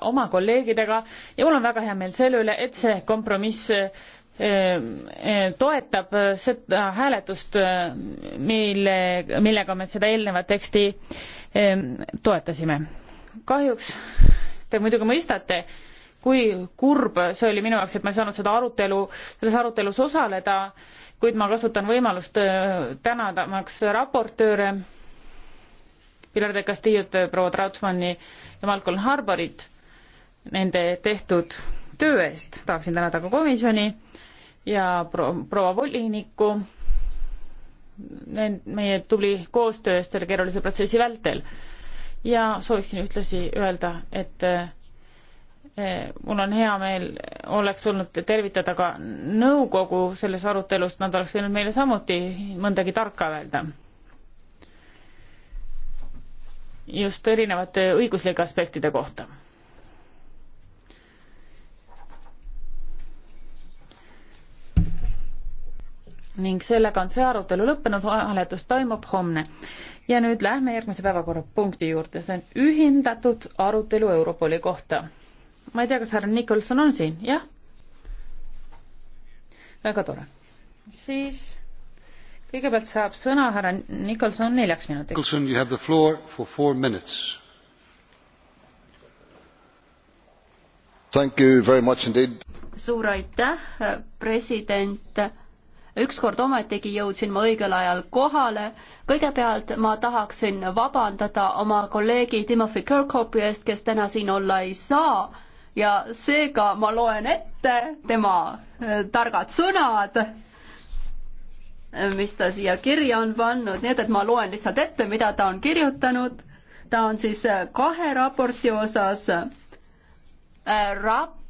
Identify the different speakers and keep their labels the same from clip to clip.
Speaker 1: oma kolleegidega ja mul on väga hea meel selle üle, et see kompromiss eh, eh, toetab seda hääletust, eh, mille, millega me seda eelnevat teksti toetasime. kahjuks te muidugi mõistate, kui kurb see oli minu jaoks, et ma ei saanud seda arutelu, selles arutelus osaleda, kuid ma kasutan võimalust tänadamaks raportööre Pilar de Castillot, proua Trautmanni ja Malcolm Harbourit nende tehtud töö eest. tahaksin tänada ka komisjoni ja proua volinikku meie tubli koostöö eest selle keerulise protsessi vältel. ja sooviksin ühtlasi öelda, et eh, mul on hea meel, oleks olnud tervitada ka nõukogu selles arutelus, nad oleks võinud meile samuti mõndagi tarka öelda. just erinevate õiguslike aspektide kohta ning sellega on see arutelu lõppenud, hääletus toimub homme. ja nüüd lähme järgmise päevakorrapunkti juurde, see on ühindatud arutelu Europoli kohta. ma ei tea, kas härra Nikolson on siin, jah? väga tore. siis kõigepealt saab sõna härra Nikolson neljaks
Speaker 2: minutiks. Nikolson, you have the floor for four minutes. Thank you very much indeed.
Speaker 3: suur aitäh, president ükskord ometigi jõudsin ma õigel ajal kohale. kõigepealt ma tahaksin vabandada oma kolleegi Timothy Kirkhopi eest, kes täna siin olla ei saa ja seega ma loen ette tema äh, targad sõnad, äh, mis ta siia kirja on pannud, nii et, et ma loen lihtsalt ette, mida ta on kirjutanud. ta on siis äh, kahe raporti osas rap-,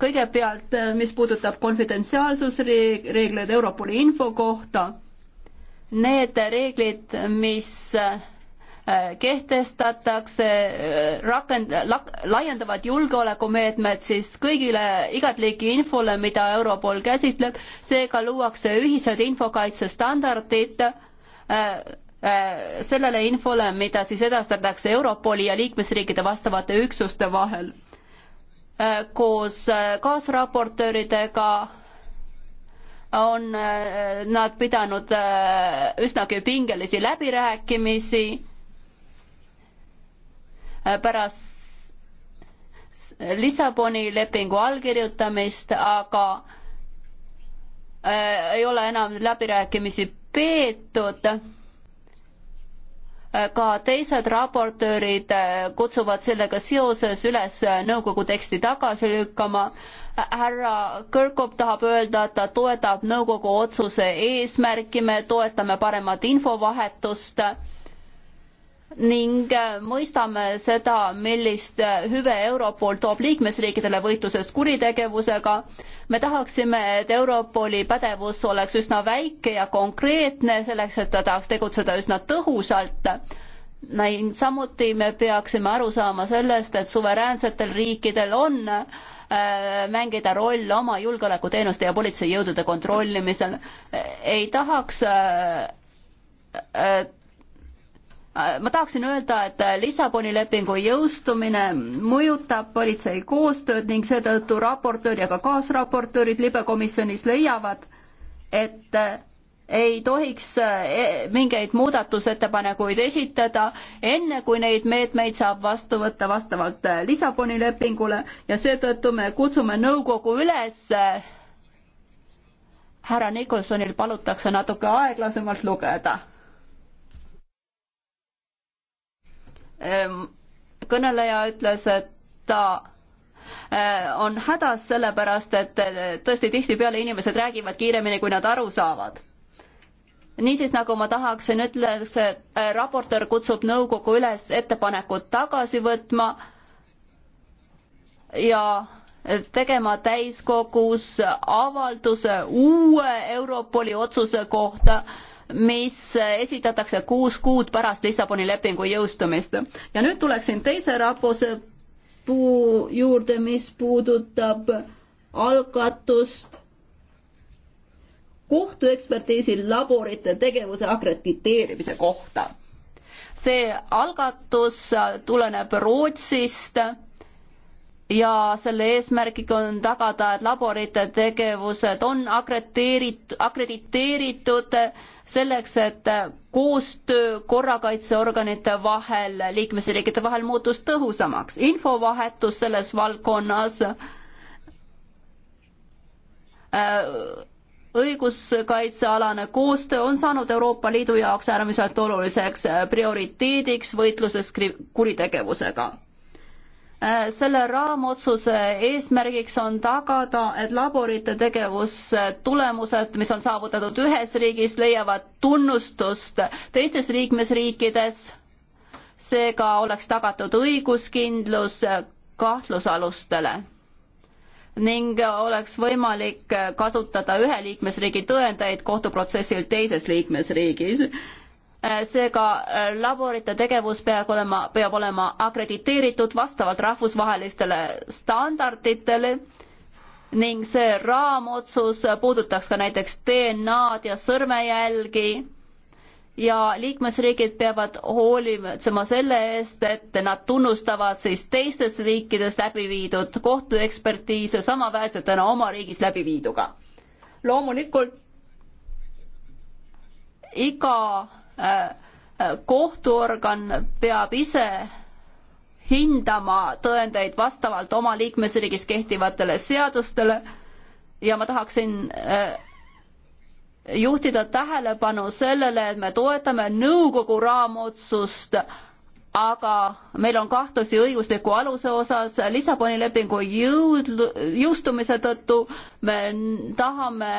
Speaker 3: kõigepealt, äh, mis puudutab konfidentsiaalsusreegleid Europoli info kohta, need reeglid, mis äh, kehtestatakse, äh, rakend-, laiendavad julgeolekumeetmed siis kõigile igat liiki infole, mida Europol käsitleb, seega luuakse ühised infokaitsestandardid sellele infole, mida siis edastatakse Europoli ja liikmesriikide vastavate üksuste vahel Äh, koos äh, kaasraportööridega on äh, nad pidanud üsnagi pingelisi läbirääkimisi. pärast Lissaboni lepingu allkirjutamist, aga ei ole enam läbirääkimisi peetud ka teised raportöörid äh, kutsuvad sellega seoses üles äh, nõukogu teksti tagasi lükkama. härra Kõrkop tahab öelda, et ta toetab nõukogu otsuse eesmärki, me toetame paremat infovahetust ning äh, mõistame seda, millist äh, hüve Europol toob liikmesriikidele võitluses kuritegevusega. me tahaksime, et Europoli pädevus oleks üsna väike ja konkreetne, selleks et ta tahaks tegutseda üsna tõhusalt. samuti me peaksime aru saama sellest, et suveräänsetel riikidel on äh, mängida roll oma julgeolekuteenuste ja politseijõudude kontrollimisel. ei tahaks Äh, ma tahaksin öelda, et Lissaboni lepingu jõustumine mõjutab politsei koostööd ning seetõttu raportöör ja ka kaasraportöörid libekomisjonis leiavad, et äh, ei tohiks äh, mingeid muudatusettepanekuid esitada, enne kui neid meetmeid saab vastu võtta vastavalt Lissaboni lepingule ja seetõttu me kutsume nõukogu üles härra Nikolsonil palutakse natuke aeglasemalt lugeda Ehm, kõneleja ütles, et ta eh, on hädas sellepärast, et eh, tõesti tihtipeale inimesed räägivad kiiremini, kui nad aru saavad. niisiis, nagu ma tahaksin ütelda, see eh, raportöör kutsub nõukogu üles ettepanekut tagasi võtma ja tegema täiskogus avalduse uue Europoli otsuse kohta mis esitatakse kuus kuud pärast Lissaboni lepingu jõustumist. ja nüüd tuleksin teise rapose puu juurde, mis puudutab algatust kohtuekspertiisi laborite tegevuse akrediteerimise kohta. see algatus tuleneb Rootsist ja selle eesmärgiga on tagada, et laborite tegevused on akrediteerit-, akrediteeritud selleks, et koostöö korrakaitseorganite vahel, liikmesriikide vahel muutus tõhusamaks. infovahetus selles valdkonnas äh, õiguskaitsealane koostöö on saanud Euroopa Liidu jaoks äärmiselt oluliseks prioriteediks võitluses kuritegevusega Äh, selle raamotsuse eesmärgiks on tagada, et laborite tegevustulemused, mis on saavutatud ühes riigis, leiavad tunnustust teistes liikmesriikides. seega oleks tagatud õiguskindlus kahtlusalustele ning oleks võimalik kasutada ühe liikmesriigi tõendeid kohtuprotsessil teises liikmesriigis Äh, seega äh, laborite tegevus peab olema, peab olema akrediteeritud vastavalt rahvusvahelistele standarditele ning see raamotsus puudutaks ka näiteks DNA-d ja sõrmejälgi ja liikmesriigid peavad hoolitsema selle eest, et nad tunnustavad siis teistes riikides läbi viidud kohtuekspertiise samaväärsetena oma riigis läbi viiduga.
Speaker 4: loomulikult
Speaker 3: iga Äh, äh, kohtuorgan peab ise hindama tõendeid vastavalt oma liikmesriigis kehtivatele seadustele ja ma tahaksin äh, juhtida tähelepanu sellele, et me toetame nõukogu raamotsust, aga meil on kahtlusi õigusliku aluse osas Lissaboni lepingu jõud, jõustumise tõttu me tahame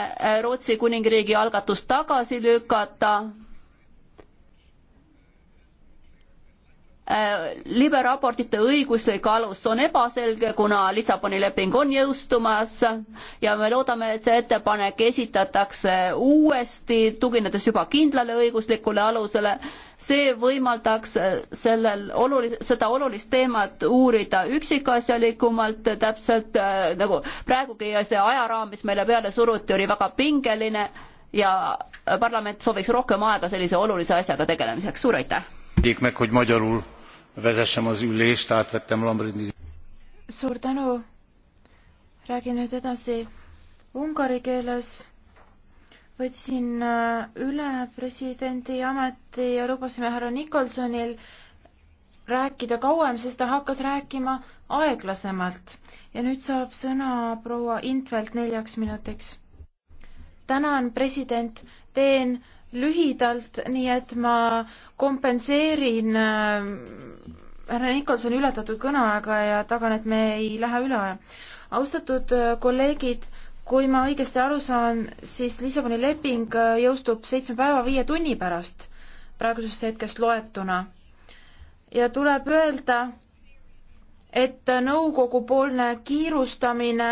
Speaker 3: Rootsi kuningriigi algatust tagasi lükata Äh, liberaportite õiguslik alus on ebaselge, kuna Lissaboni leping on jõustumas ja me loodame, et see ettepanek esitatakse uuesti, tuginedes juba kindlale õiguslikule alusele. see võimaldaks sellel olulist, seda olulist teemat uurida üksikasjalikumalt, täpselt äh, nagu praegugi ja see ajaraam, mis meile peale suruti, oli väga pingeline ja parlament sooviks rohkem aega sellise olulise asjaga tegelemiseks. suur aitäh!
Speaker 2: liikmek, hogy magyarul vezessem az ülést, átvettem Lambrini.
Speaker 5: suur tänu. räägin nüüd edasi ungari keeles. võtsin äh, üle presidendi ameti ja lubasime härra Nikolsonil rääkida kauem, sest ta hakkas rääkima aeglasemalt. ja nüüd saab sõna proua Intvelt neljaks minutiks. tänan, president, teen lühidalt, nii et ma kompenseerin äh, härra Nikolson ületatud kõneaega ja tagan, et me ei lähe üle. austatud äh, kolleegid, kui ma õigesti aru saan, siis Lissaboni leping äh, jõustub seitsme päeva viie tunni pärast praegusest hetkest loetuna. ja tuleb öelda, et nõukogupoolne kiirustamine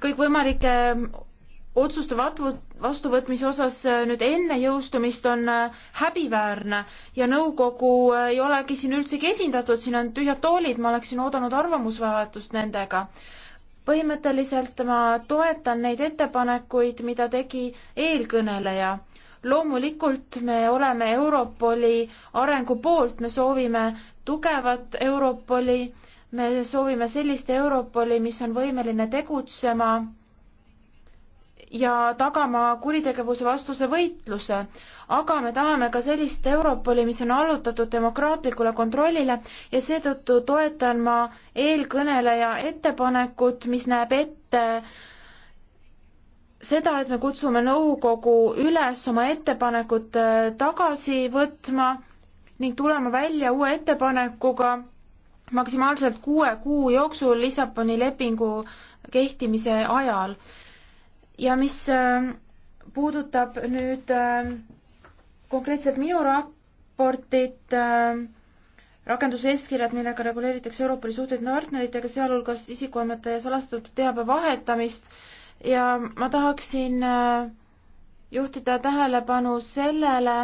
Speaker 5: kõikvõimalike otsuste vastuvõtmise osas äh, nüüd enne jõustumist on äh, häbiväärne ja nõukogu äh, ei olegi siin üldsegi esindatud, siin on tühjad toolid, ma oleksin oodanud arvamusvahetust nendega. põhimõtteliselt ma toetan neid ettepanekuid, mida tegi eelkõneleja. loomulikult me oleme Europoli arengu poolt, me soovime tugevat Europoli, me soovime sellist Europoli, mis on võimeline tegutsema ja tagama kuritegevuse vastuse võitluse, aga me tahame ka sellist Europoli, mis on allutatud demokraatlikule kontrollile ja seetõttu toetan ma eelkõneleja ettepanekut, mis näeb ette seda, et me kutsume nõukogu üles oma ettepanekut äh, tagasi võtma ning tulema välja uue ettepanekuga maksimaalselt kuue kuu jooksul Lissaboni lepingu kehtimise ajal ja mis ähm, puudutab nüüd ähm, konkreetselt minu raportit, ähm, rakenduseeskirjad, millega reguleeritakse Euroopa Liidu suhteid partneritega, sealhulgas isikuandmete ja salastatud teabe vahetamist ja ma tahaksin äh, juhtida tähelepanu sellele,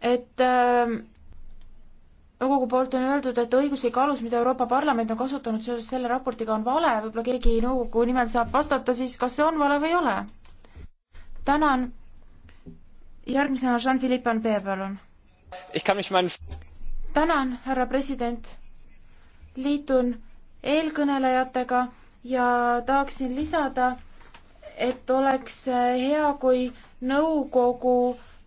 Speaker 5: et nõukogu poolt on öeldud, et õiguslik alus, mida Euroopa Parlament on kasutanud seoses selle raportiga, on vale, võib-olla keegi nõukogu nimel saab vastata siis, kas see on vale või ei ole. tänan. järgmisena Jean-Philippe Anpee, palun. tänan, härra president. liitun eelkõnelejatega ja tahaksin lisada, et oleks hea, kui nõukogu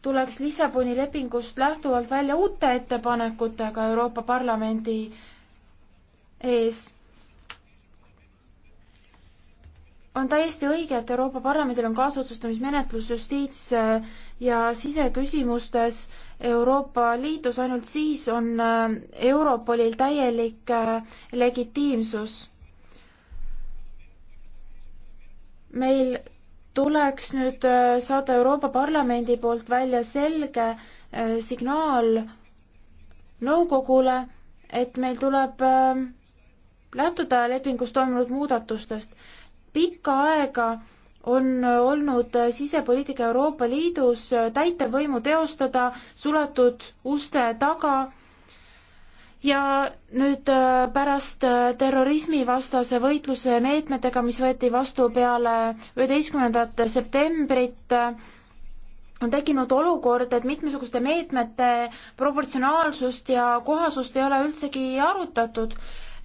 Speaker 5: tuleks Lissaboni lepingust lähtuvalt välja uute ettepanekutega Euroopa Parlamendi ees. on täiesti õige, et Euroopa Parlamendil on kaasotsustamismenetlus justiits ja siseküsimustes Euroopa Liidus, ainult siis on äh, Europolil täielik äh, legitiimsus. meil tuleks nüüd äh, saada Euroopa Parlamendi poolt välja selge äh, signaal nõukogule, et meil tuleb äh, lähtuda lepingus toimunud muudatustest. pikka aega on olnud sisepoliitika Euroopa Liidus täitevvõimu teostada suletud uste taga ja nüüd äh, pärast äh, terrorismivastase võitluse meetmetega, mis võeti vastu peale üheteistkümnendat septembrit, äh, on tekkinud olukord, et mitmesuguste meetmete proportsionaalsust ja kohasust ei ole üldsegi arutatud.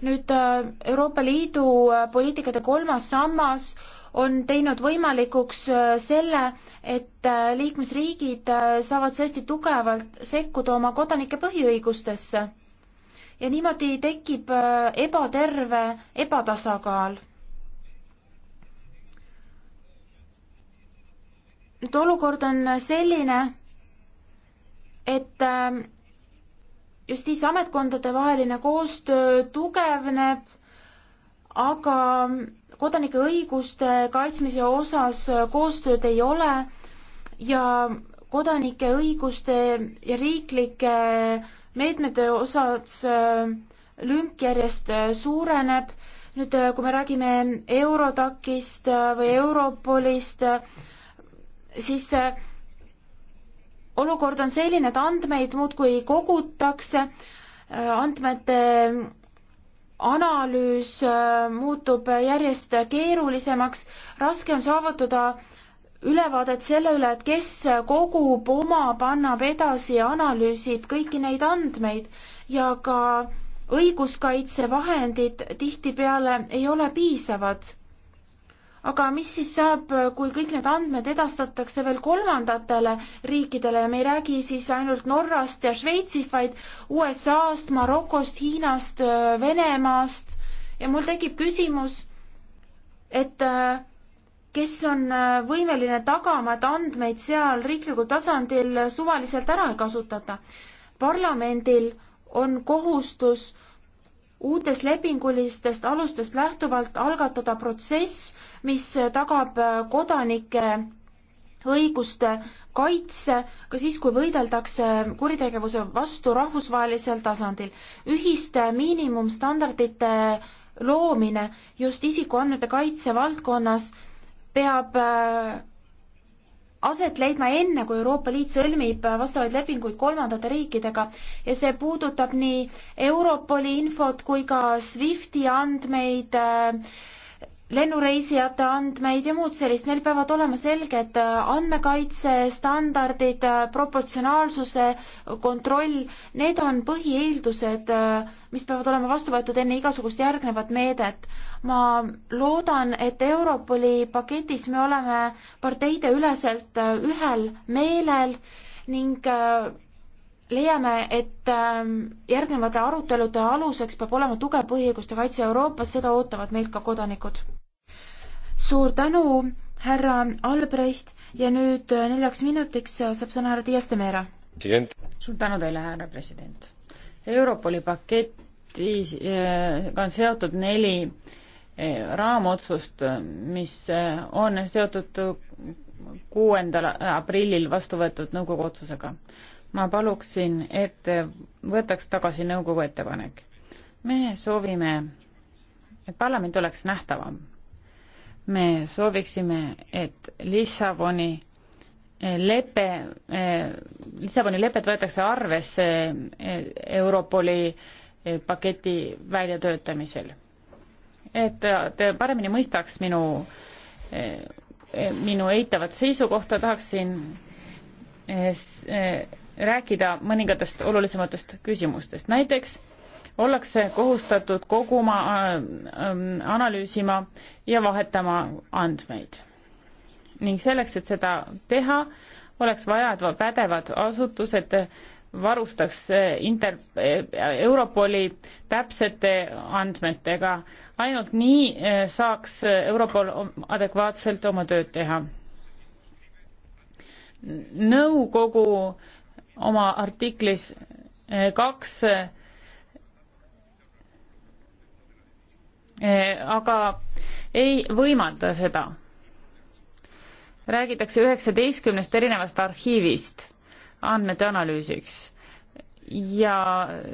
Speaker 5: nüüd Euroopa Liidu poliitikate kolmas sammas on teinud võimalikuks selle, et liikmesriigid saavad tõesti tugevalt sekkuda oma kodanike põhiõigustesse ja niimoodi tekib äh, ebaterve ebatasakaal. nüüd olukord on selline, et äh, justiitsametkondade vaheline koostöö tugevneb, aga kodanike õiguste kaitsmise osas koostööd ei ole ja kodanike õiguste ja riiklike meetmete osas äh, lünk järjest äh, suureneb. nüüd, äh, kui me räägime Eurotakist või Europolist, siis olukord on selline, et andmeid muudkui kogutakse, andmete analüüs muutub järjest keerulisemaks, raske on saavutada ülevaadet selle üle, et kes kogub oma, pannab edasi ja analüüsib kõiki neid andmeid ja ka õiguskaitsevahendid tihtipeale ei ole piisavad. aga mis siis saab, kui kõik need andmed edastatakse veel kolmandatele riikidele ja me ei räägi siis ainult Norrast ja Šveitsist, vaid USA-st, Marokost, Hiinast, Venemaast ja mul tekib küsimus, et äh, kes on äh, võimeline tagama, et andmeid seal riiklikul tasandil suvaliselt ära ei kasutata. parlamendil on kohustus uutest lepingulistest alustest lähtuvalt algatada protsess, mis tagab äh, kodanike õiguste kaitse ka siis, kui võideldakse kuritegevuse vastu rahvusvahelisel tasandil. ühiste miinimumstandardite loomine just isikuandmete kaitse valdkonnas peab äh, aset leidma enne, kui Euroopa Liit sõlmib äh, vastavaid lepinguid kolmandate riikidega ja see puudutab nii Europoli infot kui ka SWIFTi andmeid äh,, lennureisijate andmeid ja muud sellist, neil peavad olema selged äh, andmekaitsestandardid, äh, proportsionaalsuse äh, kontroll, need on põhieeldused, mis peavad olema vastu võetud enne igasugust järgnevat meedet. ma loodan, et Europoli paketis me oleme parteideüleselt ühel meelel ning leiame, et ähm, järgnevate arutelude aluseks peab olema tugev põhiõiguste kaitse Euroopas, seda ootavad meilt ka kodanikud. suur tänu, härra Albrecht ja nüüd äh, neljaks minutiks äh, saab sõna härra Dias de Mera. suur tänu teile, härra president. Europoli paketis
Speaker 1: äh, on seotud neli raamotsust, mis on seotud kuuendal aprillil vastu võetud nõukogu otsusega ma paluksin, et võetaks tagasi nõukogu ettepanek. me soovime, et parlament oleks nähtavam. me sooviksime, et Lissaboni eh, lepe, eh, Lissaboni lepet võetakse arvesse eh, Europoli paketi väljatöötamisel. et te paremini mõistaks minu, minu eitavat seisukohta, tahaksin rääkida mõningatest olulisematest küsimustest. näiteks ollakse kohustatud koguma, äh, ähm, analüüsima ja vahetama andmeid. ning selleks, et seda teha, oleks vaja, et pädevad asutused varustaks äh, inter-, äh, Europoli täpsete andmetega. ainult nii saaks Europol adekvaatselt oma tööd teha. nõukogu äh, oma artiklis eh, kaks eh, aga ei võimalda seda. räägitakse üheksateistkümnest erinevast arhiivist andmete analüüsiks ja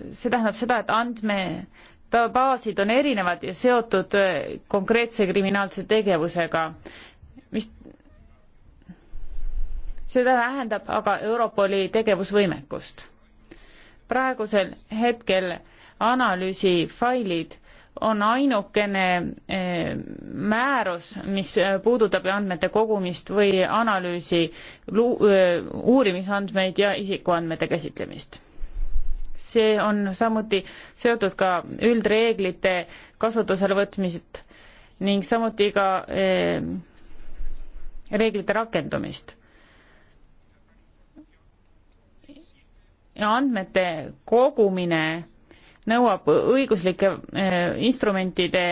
Speaker 1: see tähendab seda, et andmebaasid on erinevad ja seotud eh, konkreetse kriminaalse tegevusega see vähendab aga Europoli tegevusvõimekust. praegusel hetkel analüüsifailid on ainukene eh, määrus, mis puudutab andmete kogumist või analüüsi, eh, uurimisandmeid ja isikuandmete käsitlemist. see on samuti seotud ka üldreeglite kasutusele võtmist ning samuti ka eh, reeglite rakendumist andmete kogumine nõuab õiguslike eh, instrumentide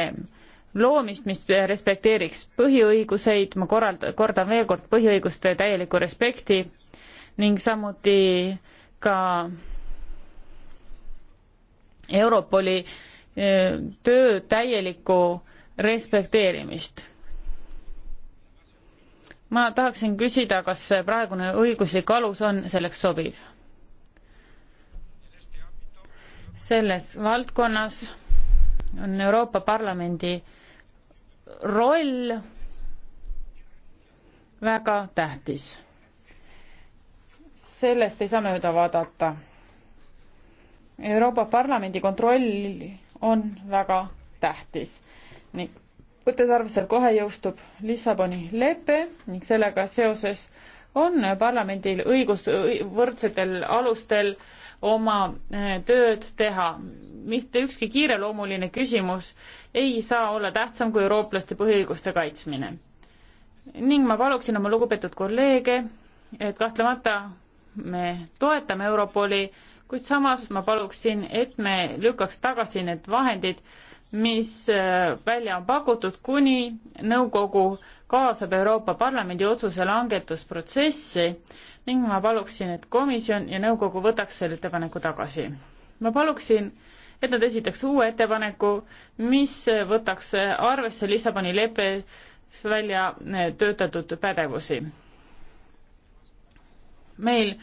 Speaker 1: loomist, mis respekteeriks põhiõiguseid, ma korrald-, kordan veel kord põhiõiguste täielikku respekti ning samuti ka Europoli eh, töö täielikku respekteerimist. ma tahaksin küsida, kas praegune õiguslik alus on selleks sobiv? selles valdkonnas on Euroopa Parlamendi roll väga tähtis. sellest ei saa mööda vaadata. Euroopa Parlamendi kontroll on väga tähtis ning võttes arvesse, et kohe jõustub Lissaboni lepe ning sellega seoses on parlamendil õigus võrdsetel alustel äh, oma äh, tööd teha. mitte ükski kiireloomuline küsimus ei saa olla tähtsam kui eurooplaste põhiõiguste kaitsmine. ning ma paluksin oma lugupeetud kolleege, et kahtlemata me toetame Europoli, kuid samas ma paluksin, et me lükkaks tagasi need vahendid, mis äh, välja on pakutud, kuni nõukogu kaasab Euroopa Parlamendi otsuse langetusprotsessi ning ma paluksin, et komisjon ja nõukogu võtaks selle ettepaneku tagasi. ma paluksin, et nad esitaks uue ettepaneku, mis võtaks arvesse Lissaboni leppes välja töötatud pädevusi. meil,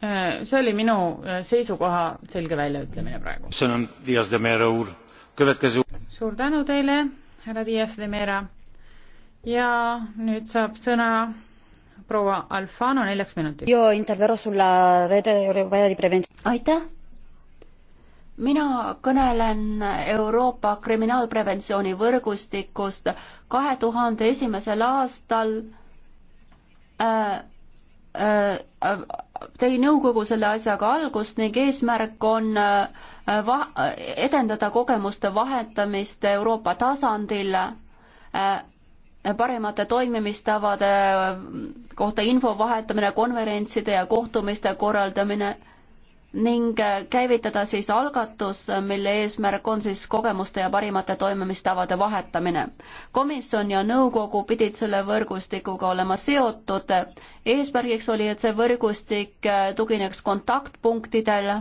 Speaker 1: see oli minu seisukoha selge väljaütlemine praegu. suur tänu teile, härra Dias de Mera. ja nüüd saab sõna proua Alfano neljaks minutiks.
Speaker 3: aitäh. mina kõnelen Euroopa kriminaalpreventsiooni võrgustikust. kahe tuhande esimesel aastal äh, äh, tõi nõukogu selle asjaga algust ning eesmärk on äh, va-, edendada kogemuste vahetamist Euroopa tasandil äh, paremate toimimistavade kohta info vahetamine, konverentside ja kohtumiste korraldamine ning käivitada siis algatus, mille eesmärk on siis kogemuste ja parimate toimimistavade vahetamine. komisjon ja nõukogu pidid selle võrgustikuga olema seotud. eesmärgiks oli, et see võrgustik tugineks kontaktpunktidel,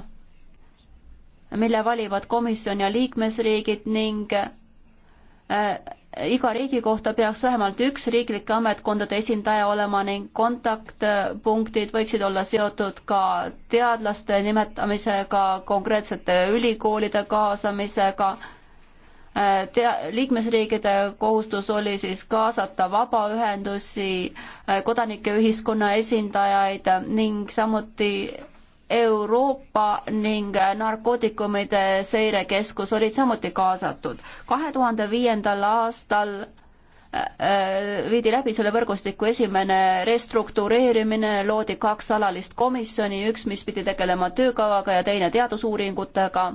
Speaker 3: mille valivad komisjon ja liikmesriigid ning äh, iga riigi kohta peaks vähemalt üks riiklike ametkondade esindaja olema ning kontaktpunktid võiksid olla seotud ka teadlaste nimetamisega, konkreetsete ülikoolide kaasamisega. Äh, tea-, liikmesriikide kohustus oli siis kaasata vabaühendusi, äh, kodanike ühiskonna esindajaid ning samuti Euroopa ning narkootikumide seirekeskus olid samuti kaasatud. kahe tuhande viiendal aastal äh, äh, viidi läbi selle võrgustiku esimene restruktureerimine, loodi kaks alalist komisjoni, üks, mis pidi tegelema töökavaga ja teine teadusuuringutega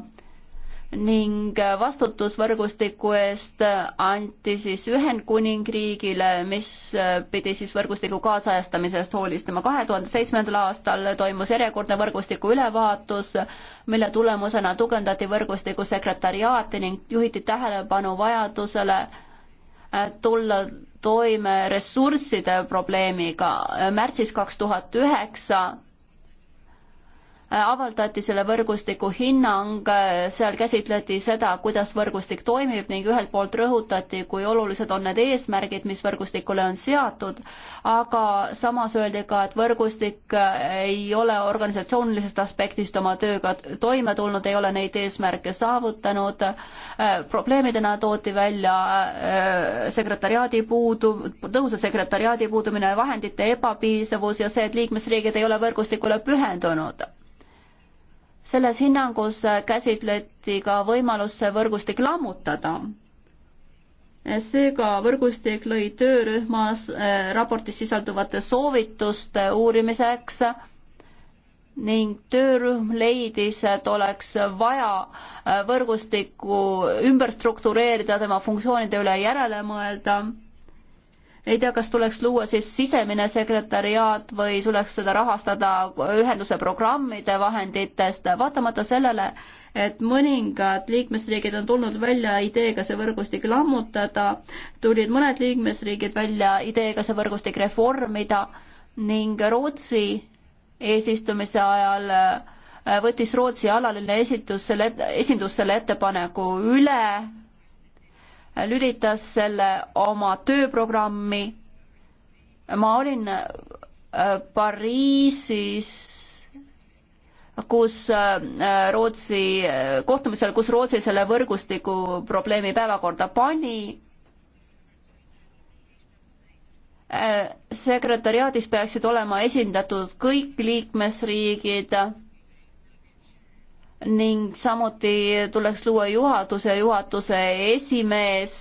Speaker 3: ning vastutusvõrgustiku eest anti siis Ühendkuningriigile, mis pidi siis võrgustiku kaasajastamisest hoolistama. kahe tuhande seitsmendal aastal toimus järjekordne võrgustiku ülevaatus, mille tulemusena tugevdati võrgustiku sekretariaati ning juhiti tähelepanu vajadusele äh, tulla toime ressursside probleemiga. märtsis kaks tuhat üheksa Äh, avaldati selle võrgustiku hinnang, äh, seal käsitleti seda, kuidas võrgustik toimib ning ühelt poolt rõhutati, kui olulised on need eesmärgid, mis võrgustikule on seatud, aga samas öeldi ka, et võrgustik äh, ei ole organisatsioonilisest aspektist oma tööga toime tulnud, ei ole neid eesmärke saavutanud, probleemidena toodi välja sekretariaadi puudu, tõhusa sekretariaadi puudumine, vahendite ebapiisavus ja see, et liikmesriigid ei ole võrgustikule pühendunud selles hinnangus käsitleti ka võimalust see võrgustik lammutada. seega võrgustik lõi töörühmas äh, raportis sisalduvate soovituste uurimiseks ning töörühm leidis, et oleks vaja äh, võrgustikku ümber struktureerida, tema funktsioonide üle järele mõelda ei tea, kas tuleks luua siis sisemine sekretäriaat või tuleks seda rahastada ühenduse programmide vahenditest, vaatamata sellele, et mõningad liikmesriigid on tulnud välja ideega see võrgustik lammutada, tulid mõned liikmesriigid välja ideega see võrgustik reformida ning Rootsi eesistumise ajal äh, võttis Rootsi alaline esitus selle, esindus selle ettepaneku üle lülitas selle oma tööprogrammi. ma olin äh, Pariisis kus äh, Rootsi, äh, kohtumisel, kus Rootsi selle võrgustiku probleemi päevakorda pani. sekretäriaadis peaksid olema esindatud kõik liikmesriigid ning samuti tuleks luua juhatus ja juhatuse esimees.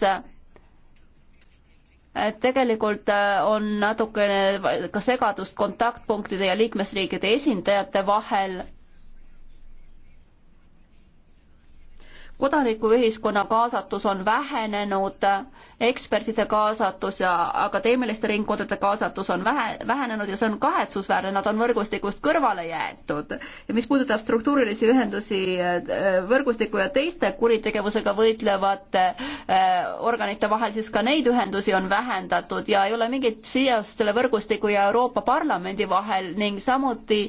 Speaker 3: tegelikult äh, on natukene ka segadust kontaktpunktide ja liikmesriikide esindajate vahel kodanikuühiskonna kaasatus on vähenenud, ekspertide kaasatus ja akadeemiliste ringkondade kaasatus on vähe, vähenenud ja see on kahetsusväärne, nad on võrgustikust kõrvale jäetud. ja mis puudutab struktuurilisi ühendusi äh, võrgustiku ja teiste kuritegevusega võitlevate äh, organite vahel, siis ka neid ühendusi on vähendatud ja ei ole mingit seost selle võrgustiku ja Euroopa Parlamendi vahel ning samuti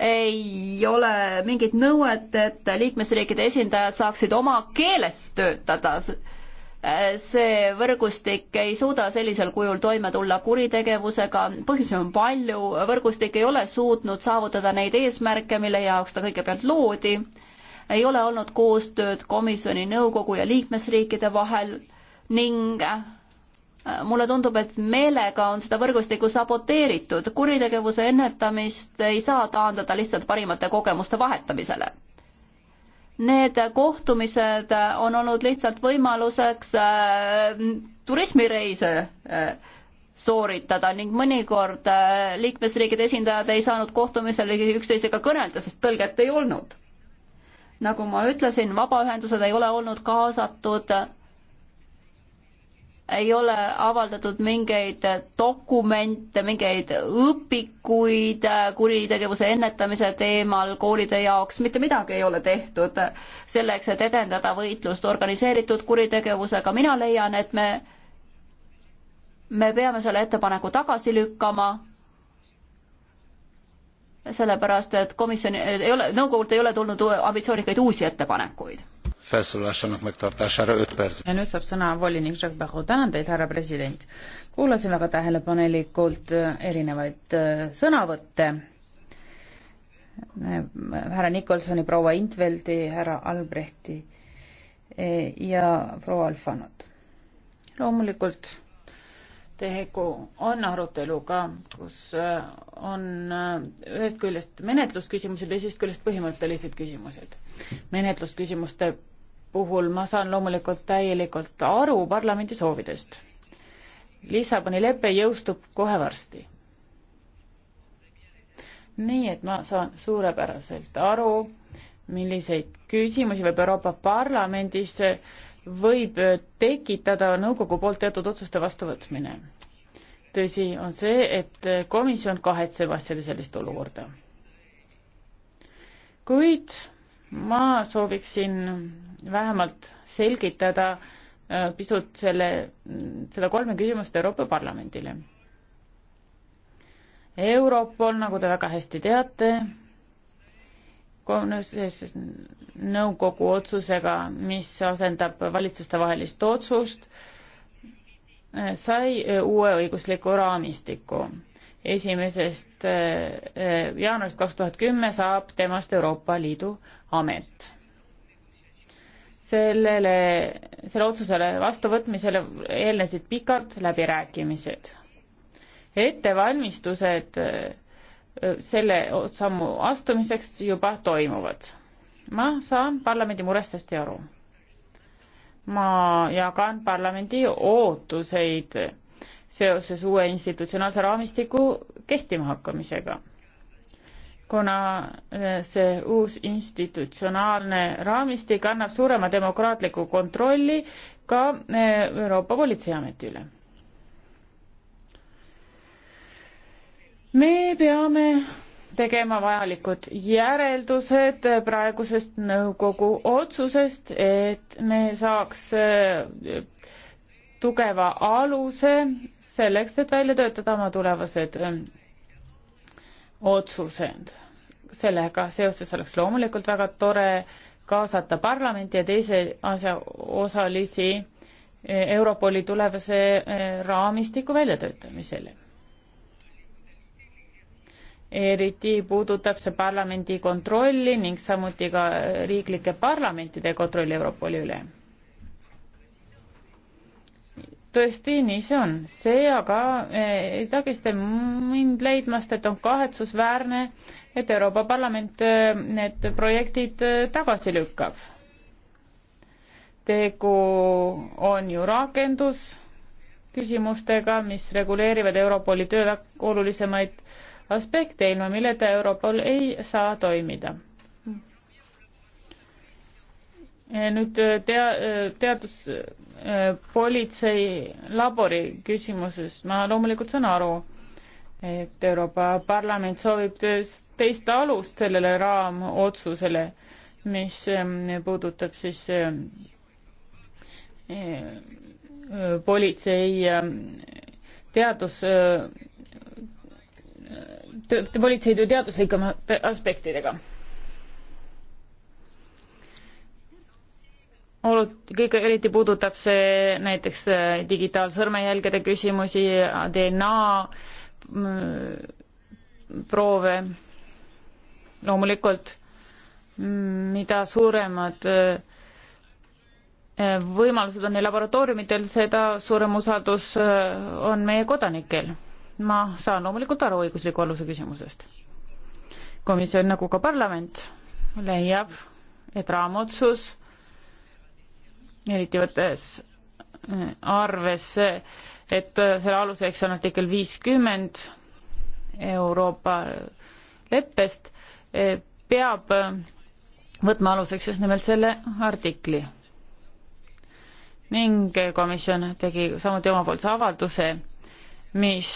Speaker 3: ei ole mingit nõuet, et liikmesriikide esindajad saaksid oma keeles töötada. see võrgustik ei suuda sellisel kujul toime tulla kuritegevusega, põhjusi on palju, võrgustik ei ole suutnud saavutada neid eesmärke, mille jaoks ta kõigepealt loodi, ei ole olnud koostööd komisjoni, nõukogu ja liikmesriikide vahel ning mulle tundub, et meelega on seda võrgustikku saboteeritud, kuritegevuse ennetamist ei saa taandada lihtsalt parimate kogemuste vahetamisele. Need kohtumised on olnud lihtsalt võimaluseks äh, turismireise äh, sooritada ning mõnikord äh, liikmesriigide esindajad ei saanud kohtumisel üksteisega kõnelda, sest tõlget ei olnud. nagu ma ütlesin, vabaühendused ei ole olnud kaasatud äh, ei ole avaldatud mingeid dokumente, mingeid õpikuid kuritegevuse ennetamise teemal koolide jaoks, mitte midagi ei ole tehtud selleks, et edendada võitlust organiseeritud kuritegevusega. mina leian, et me, me peame selle ettepaneku tagasi lükkama, sellepärast et komisjoni, ei ole, nõukogult ei ole tulnud ambitsioonikaid uusi ettepanekuid
Speaker 2: felszólalásának megtartására 5 perc. ja
Speaker 1: nüüd saab sõna volinik Jacques Barrot, tänan teid, härra president. kuulasin väga tähelepanelikult äh, erinevaid äh, sõnavõtte, äh, härra Nikolsoni, proua Intveldi, härra Albrechti
Speaker 5: ja proua Alfanot. loomulikult
Speaker 3: tegu
Speaker 1: on aruteluga, kus on ühest küljest menetlusküsimused ja teisest küljest põhimõttelised küsimused. menetlusküsimuste puhul ma saan loomulikult täielikult aru parlamendi soovidest. Lissaboni lepe jõustub kohe varsti. nii et ma saan suurepäraselt aru, milliseid küsimusi võib Euroopa Parlamendis võib tekitada nõukogu poolt teatud otsuste vastuvõtmine. tõsi on see, et komisjon kahetseb asjade sellist olukorda. kuid ma sooviksin vähemalt selgitada äh, pisut selle, seda kolme küsimust Euroopa Parlamendile. Europol, nagu te väga hästi teate, nõukogu otsusega, mis asendab valitsustevahelist otsust, äh, sai äh, uue õigusliku raamistiku. esimesest jaanuarist kaks tuhat kümme saab temast Euroopa Liidu amet. sellele, selle otsusele vastuvõtmisele eelnesid pikad läbirääkimised. ettevalmistused äh, selle sammu astumiseks juba toimuvad. ma saan parlamendi murest hästi aru. ma jagan parlamendi ootuseid seoses uue institutsionaalse raamistiku kehtima hakkamisega kuna eh, see uus institutsionaalne raamistik annab suurema demokraatliku kontrolli ka eh, Euroopa Politseiameti üle. me peame tegema vajalikud järeldused praegusest nõukogu otsusest, et me saaks eh, tugeva aluse selleks, et välja töötada oma tulevased otsused sellega seoses oleks loomulikult väga tore kaasata parlamenti ja teise asjaosalisi eh, Europoli tulevase eh, raamistiku väljatöötamisel. eriti puudutab see parlamendi kontrolli ning samuti ka eh, riiklike parlamentide kontrolli Europoli üle tõesti, nii see on. see aga eh, ei takista mind leidmast, et on kahetsusväärne, et Euroopa Parlament eh, need projektid eh, tagasi lükkab. tegu on ju rakendusküsimustega, mis reguleerivad Europoli töö olulisemaid aspekte, ilma milleta Europol ei saa toimida. Eh, nüüd eh, tea-, eh, teaduspolitsei labori küsimuses ma loomulikult saan aru, et Euroopa Parlament soovib teist alust sellele raamotsusele, mis puudutab siis politsei teadus, politseitöö teaduslikema aspektidega kõige, eriti puudutab see näiteks äh, digitaalsõrmejälgede küsimusi, DNA mm, proove. loomulikult, mm, mida suuremad äh, äh, võimalused on neil laboratooriumitel, seda suurem usaldus on meie kodanikel. ma saan loomulikult aru õigusliku aluse küsimusest. komisjon nagu ka parlament leiab, et raamotsus eriti võttes äh, arvesse, et äh, selle aluseks on artikkel viiskümmend Euroopa leppest, äh, peab võtma aluseks just nimelt selle artikli. ning komisjon tegi samuti omapoolse avalduse, mis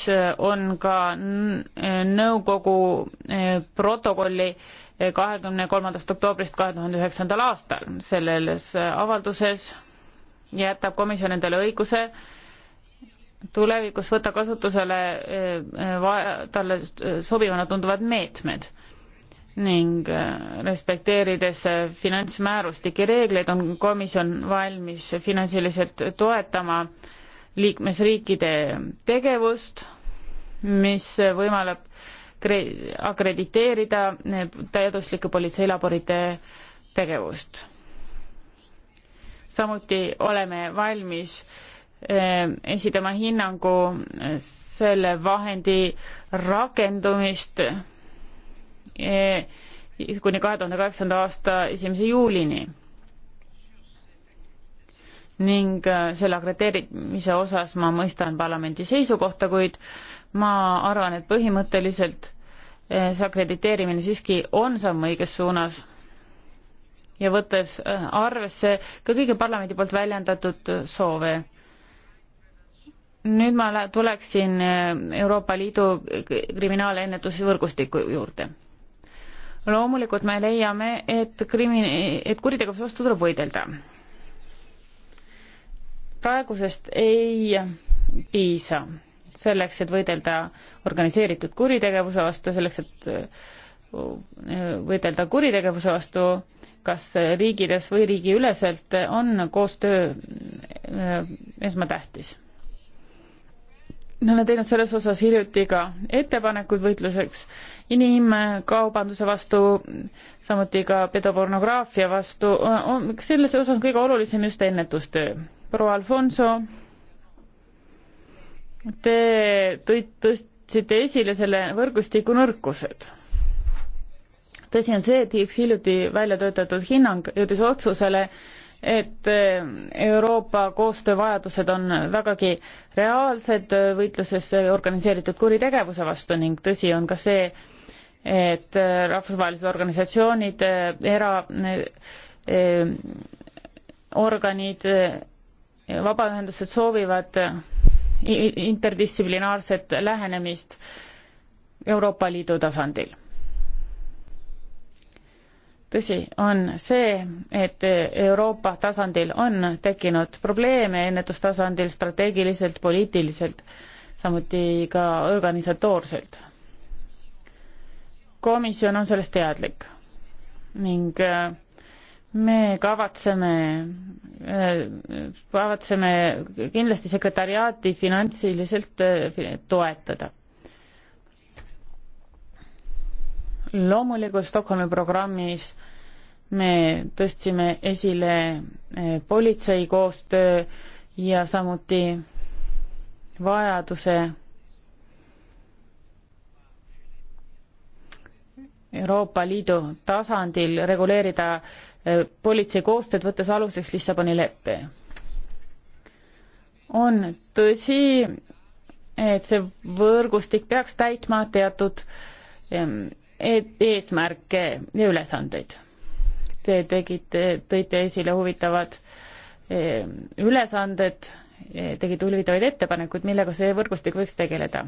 Speaker 1: on ka nõukogu protokolli kahekümne kolmandast oktoobrist kahe tuhande üheksandal aastal. selles avalduses jätab komisjon endale õiguse tulevikus võtta kasutusele eh, eh, talle sobivana tunduvad meetmed ning eh, respekteerides finantsmäärustiki reegleid, on komisjon valmis finantsiliselt toetama liikmesriikide tegevust, mis võimalab akrediteerida eh, täiuslike politseilaborite tegevust. samuti oleme valmis eh, esitama hinnangu eh, selle vahendi rakendumist kuni kahe tuhande kaheksanda aasta esimese juulini. ning selle akrediteerimise osas ma mõistan parlamendi seisukohta, kuid ma arvan, et põhimõtteliselt eh, see akrediteerimine siiski on samm õiges suunas ja võttes eh, arvesse ka kõigi parlamendi poolt väljendatud eh, soove. nüüd ma tuleksin Euroopa Liidu kriminaalennetusvõrgustiku juurde. loomulikult me leiame, et krimi-, et kuritegevuse vastu tuleb võidelda. praegusest ei piisa selleks, et võidelda organiseeritud kuritegevuse vastu, selleks, et äh, võidelda kuritegevuse vastu, kas riigides või riigiüleselt, on koostöö äh, esmatähtis. me oleme teinud selles osas hiljuti ka ettepanekuid võitluseks inimkaubanduse vastu, samuti ka pedopornograafia vastu, äh, selles osas on kõige olulisem just ennetustöö. proua Alfonso Te tõstsite esile selle võrgustiku nõrkused. tõsi on see, et üks hiljuti välja töötatud hinnang jõudis otsusele, et eh, Euroopa koostöövajadused on vägagi reaalsed võitluses organiseeritud kuritegevuse vastu ning tõsi on ka see, et eh, rahvusvahelised organisatsioonid, eh, eraorganid, vabaühendused soovivad interdistsiplinaarset lähenemist Euroopa Liidu tasandil. tõsi on see, et Euroopa tasandil on tekkinud probleeme ennetustasandil strateegiliselt, poliitiliselt, samuti ka organisatoorselt. komisjon on sellest teadlik ning äh, me kavatseme, äh, kavatseme kindlasti sekretariaati finantsiliselt äh, toetada. loomulikult Stockholmi programmis me tõstsime esile äh, politsei koostöö ja samuti vajaduse Euroopa Liidu tasandil reguleerida Äh, politsei koostööd, võttes aluseks Lissaboni leppe. on tõsi, et see võrgustik peaks täitma teatud ähm, e-, eesmärke ja ülesandeid. Te tegite, tõite esile huvitavad ähm, ülesanded, e, tegite huvitavaid ettepanekuid, millega see võrgustik võiks tegeleda.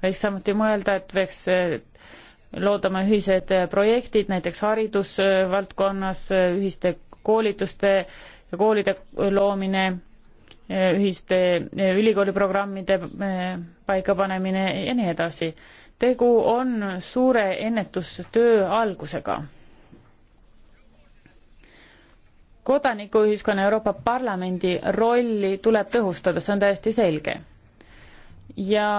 Speaker 1: võiks samuti mõelda, et võiks loodame ühised projektid näiteks haridusvaldkonnas, ühiste koolituste ja koolide loomine, ühiste ülikooliprogrammide äh, paikapanemine ja nii edasi. tegu on suure ennetustöö algusega. kodanikuühiskonna Euroopa Parlamendi rolli tuleb tõhustada, see on täiesti selge. ja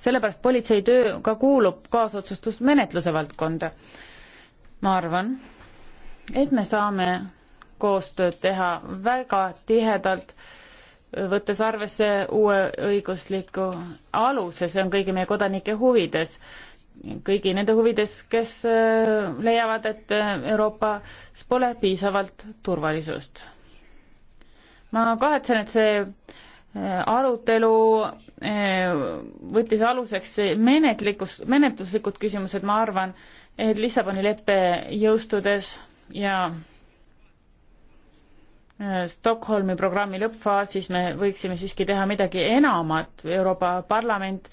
Speaker 1: sellepärast politsei töö ka kuulub kaasotsustusmenetluse valdkonda. ma arvan, et me saame koostööd teha väga tihedalt, võttes arvesse uue õigusliku aluse, see on kõigi meie kodanike huvides, kõigi nende huvides, kes äh, leiavad, et äh, Euroopas pole piisavalt turvalisust. ma kahetsen, et see äh, arutelu Äh, võttis aluseks menetlikus, menetluslikud küsimused, ma arvan, et Lissaboni leppe jõustudes ja äh, Stockholmi programmi lõppfaasis me võiksime siiski teha midagi enamat, Euroopa Parlament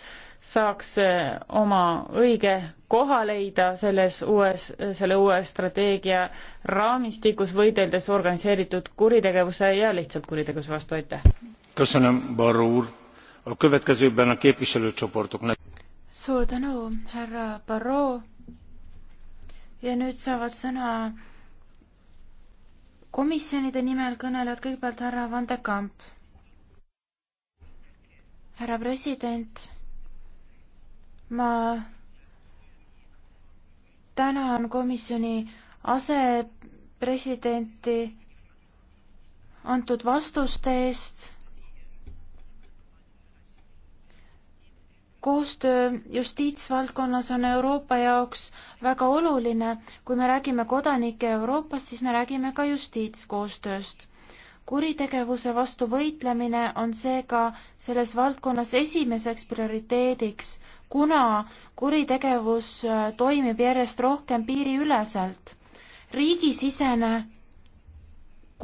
Speaker 1: saaks äh, oma õige koha leida selles uues, selle uue strateegia raamistikus, võideldes organiseeritud kuritegevuse ja lihtsalt kuritegevuse vastu, aitäh!
Speaker 2: köszönöm, Barro úr! A következőkben a képviselőcsoportoknak.
Speaker 5: Suur tänu, härra Barrot. Ja nüüd saavad sõna komisjonide nimel kõnelevad kõigepealt härra Van de Kamp. härra president, ma tänan komisjoni asepresidenti antud vastuste eest koostöö justiitsvaldkonnas on Euroopa jaoks väga oluline. kui me räägime kodanike Euroopast, siis me räägime ka justiitskoostööst. kuritegevuse vastu võitlemine on seega selles valdkonnas esimeseks prioriteediks, kuna kuritegevus äh, toimib järjest rohkem piiriüleselt. riigisisene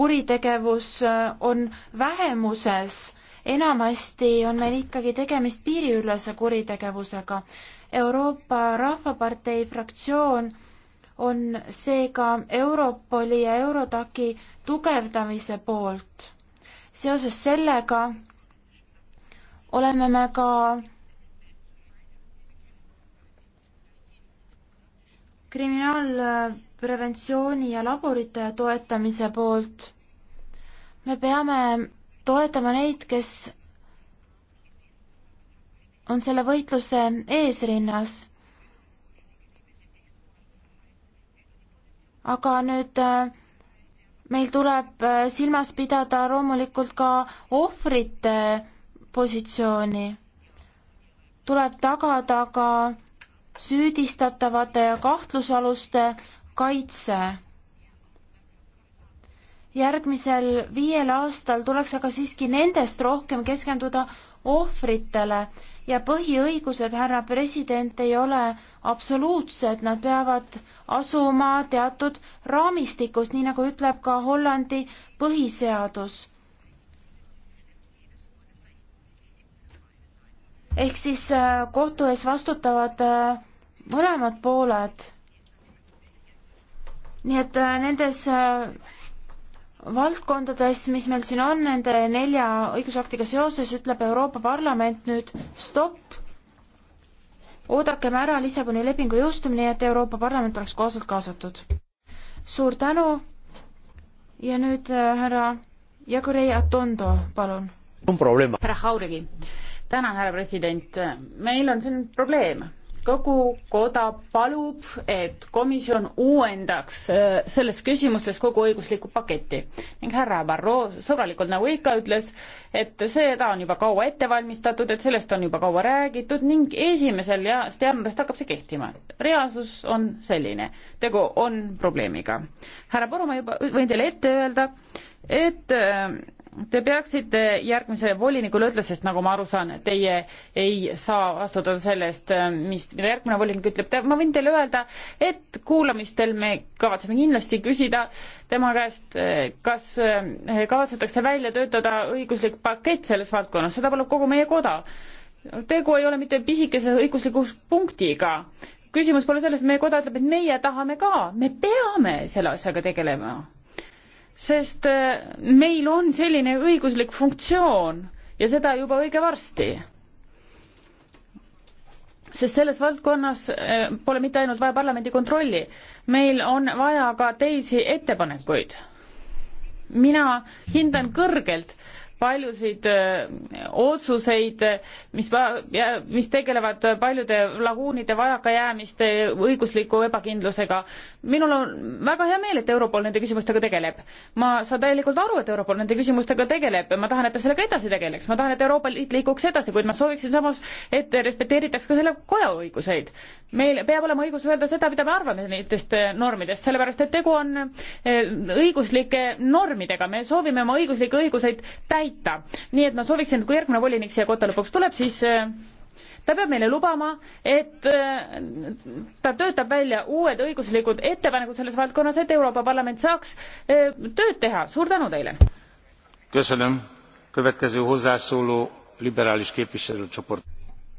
Speaker 5: kuritegevus äh, on vähemuses enamasti on meil ikkagi tegemist piiriülese kuritegevusega. Euroopa Rahvapartei fraktsioon on seega Europoli ja Eurotaki tugevdamise poolt. seoses sellega oleme me ka kriminaalpreventsiooni ja laborite toetamise poolt. me peame toetama neid, kes on selle võitluse eesrinnas. aga nüüd äh, meil tuleb äh, silmas pidada loomulikult ka ohvrite positsiooni. tuleb tagada ka süüdistatavate ja kahtlusaluste kaitse järgmisel viiel aastal tuleks aga siiski nendest rohkem keskenduda ohvritele ja põhiõigused, härra president, ei ole absoluutsed, nad peavad asuma teatud raamistikus, nii nagu ütleb ka Hollandi põhiseadus. ehk siis äh, kohtu ees vastutavad äh, mõlemad pooled. nii et äh, nendes valdkondades, mis meil siin on nende nelja õigusaktiga seoses, ütleb Euroopa Parlament nüüd stopp. oodakem ära Lissaboni lepingu jõustumine, et Euroopa Parlament oleks kohaselt kaasatud. suur tänu. ja nüüd äh, härra Jagurei Atondo, palun. härra Haurigi, tänan, härra president.
Speaker 1: meil on siin probleem kogu koda palub, et komisjon uuendaks äh, selles küsimuses kogu õiguslikku paketti ning härra Barro sõbralikult nagu ikka ütles, et seda on juba kaua ette valmistatud, et sellest on juba kaua räägitud ning esimesel jaanuarist hakkab see kehtima. reaalsus on selline, tegu on probleemiga. härra Põrumaa juba, võin teile ette öelda, et äh, Te peaksite järgmisele volinikule ütlema, sest nagu ma aru saan, teie ei saa vastutada selle eest, mis, mida järgmine volinik ütleb. ma võin teile öelda, et kuulamistel me kavatseme kindlasti küsida tema käest, kas eh, kavatsetakse välja töötada õiguslik pakett selles valdkonnas, seda palub kogu meie koda. tegu ei ole mitte pisikese õigusliku punktiga. küsimus pole selles, et meie koda ütleb, et meie tahame ka, me peame selle asjaga tegelema sest äh, meil on selline õiguslik funktsioon ja seda juba õige varsti. sest selles valdkonnas äh, pole mitte ainult vaja parlamendi kontrolli, meil on vaja ka teisi ettepanekuid. mina hindan kõrgelt paljusid äh, otsuseid, mis, mis tegelevad paljude laguunide, vajakajäämiste, õigusliku ebakindlusega. minul on väga hea meel, et Europol nende küsimustega tegeleb. ma saan täielikult aru, et Europol nende küsimustega tegeleb ja ma tahan, et ta sellega edasi tegeleks, ma tahan, et Euroopa Liit liiguks edasi, kuid ma sooviksin samas, et respekteeritaks ka selle koja õiguseid. meil peab olema õigus öelda seda, mida me arvame nendest äh, normidest, sellepärast et tegu on äh, õiguslike normidega, me soovime oma õiguslikke õiguseid täita täita. nii et ma sooviksin, et kui järgmine volinik siia kotta lõpuks tuleb, siis äh, ta peab meile lubama, et äh, ta töötab välja uued õiguslikud ettepanekud selles valdkonnas, et Euroopa Parlament saaks äh, tööd teha. suur tänu teile!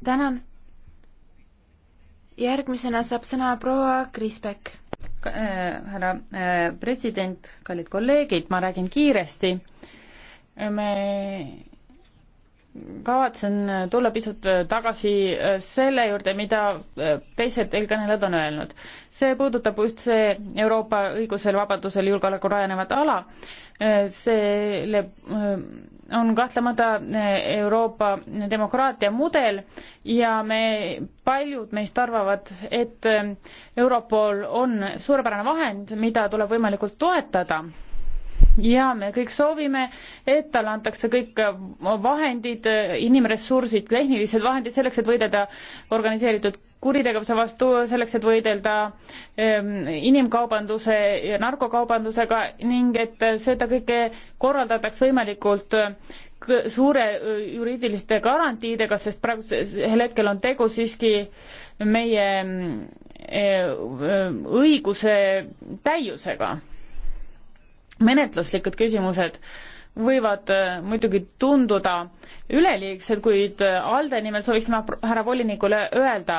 Speaker 5: tänan! järgmisena saab sõna proua Kriisbeck.
Speaker 1: härra president, kallid kolleegid, ma räägin kiiresti me kavatsen tulla pisut tagasi selle juurde, mida teised eelkõnelejad on öelnud. see puudutab just see Euroopa õigusel, vabadusel, julgeolekul rajanevat ala, selle äh, on kahtlemata Euroopa demokraatia mudel ja me, paljud meist arvavad, et Europol on suurepärane vahend, mida tuleb võimalikult toetada ja me kõik soovime, et talle antakse kõik vahendid, inimressursid, tehnilised vahendid selleks, et võidelda organiseeritud kuritegevuse vastu, selleks, et võidelda ehm, inimkaubanduse ja narkokaubandusega ning et seda kõike korraldataks võimalikult suure juriidiliste garantiidega, sest praegusel hetkel on tegu siiski meie ehm, ehm, õiguse täiusega menetluslikud küsimused võivad äh, muidugi tunduda üleliigsed, kuid äh, ALDE nimel sooviksime härra volinikule öelda,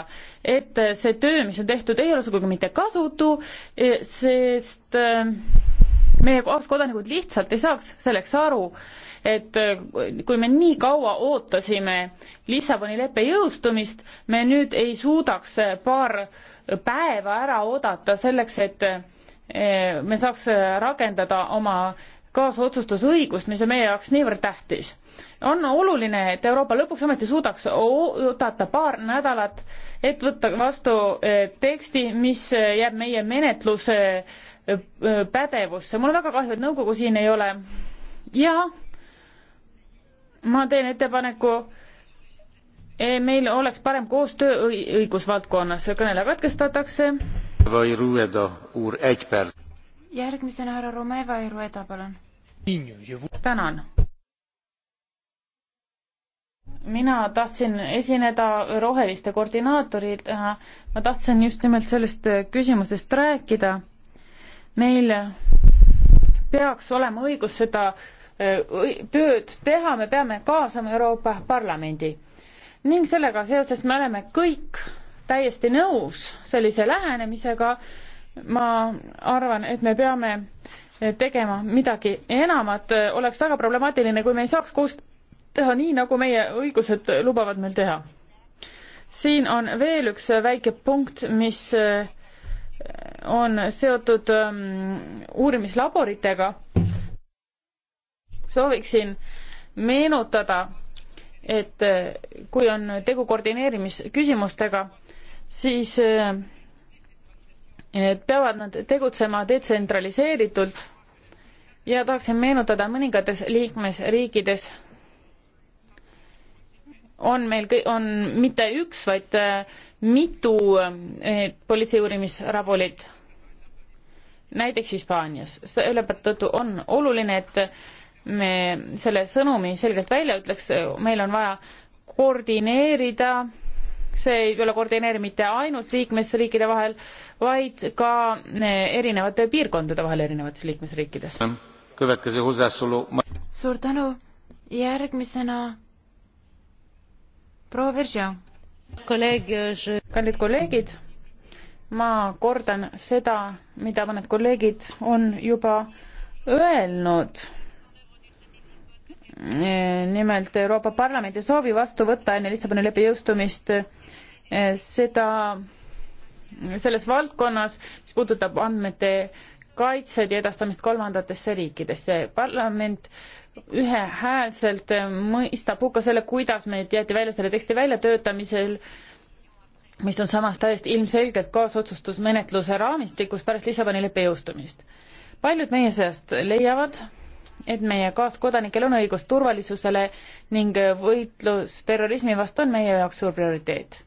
Speaker 1: et äh, see töö, mis on tehtud, ei ole sugugi mitte kasutu, sest meie kaaskodanikud lihtsalt ei saaks selleks aru, et kui me nii kaua ootasime Lissaboni leppe jõustumist, me nüüd ei suudaks paar päeva ära oodata selleks, et Eh, me saaks eh, rakendada oma kaasotsustusõigust, mis on meie jaoks niivõrd tähtis. on oluline, et Euroopa lõpuks ometi suudaks oodata paar nädalat, et võtta vastu eh, teksti, mis jääb meie menetluse pädevusse. mul on väga kahju, et nõukogu siin ei ole. ja ma teen ettepaneku, meil oleks parem koostöö õigusvaldkonnas, kõneleja katkestatakse
Speaker 5: järgmisena härra Romeva ja Rueda, palun.
Speaker 1: tänan. mina tahtsin esineda roheliste koordinaatorina, ma tahtsin just nimelt sellest küsimusest rääkida. meil peaks olema õigus seda e, tööd teha, me peame kaasama Euroopa Parlamendi ning sellega seoses me oleme kõik täiesti nõus sellise lähenemisega. ma arvan, et me peame tegema midagi enamat, oleks väga problemaatiline, kui me ei saaks koos teha nii, nagu meie õigused lubavad meil teha. siin on veel üks väike punkt, mis eh, on seotud mm, uurimislaboritega. sooviksin meenutada, et eh, kui on tegu koordineerimisküsimustega, siis eh, peavad nad tegutsema detsentraliseeritult ja tahaksin meenutada mõningates liikmesriikides on meil, on mitte üks, vaid eh, mitu eh, politsei uurimisrapolit. näiteks Hispaanias. selle tõttu on oluline, et me selle sõnumi selgelt välja ütleks, meil on vaja koordineerida see ei tule koordineerida mitte ainult liikmesriikide vahel, vaid ka eh, erinevate piirkondade vahel erinevates liikmesriikides.
Speaker 5: suur tänu, järgmisena proua Virgin. Eh, kallid kolleegid, ma kordan seda,
Speaker 1: mida mõned kolleegid on juba öelnud nimelt Euroopa Parlamendi soovi vastu võtta enne Lissaboni leppe jõustumist eh, seda selles valdkonnas, mis puudutab andmete kaitset ja edastamist kolmandatesse riikidesse. parlament ühehäälselt mõistab hukka selle, kuidas meid jäeti välja selle teksti väljatöötamisel, mis on samas täiesti ilmselgelt kaasotsustusmenetluse raamistikus pärast Lissaboni leppe jõustumist. paljud meie seast leiavad, et meie kaaskodanikel on õigus turvalisusele ning võitlus terrorismi vastu on meie jaoks suur prioriteet.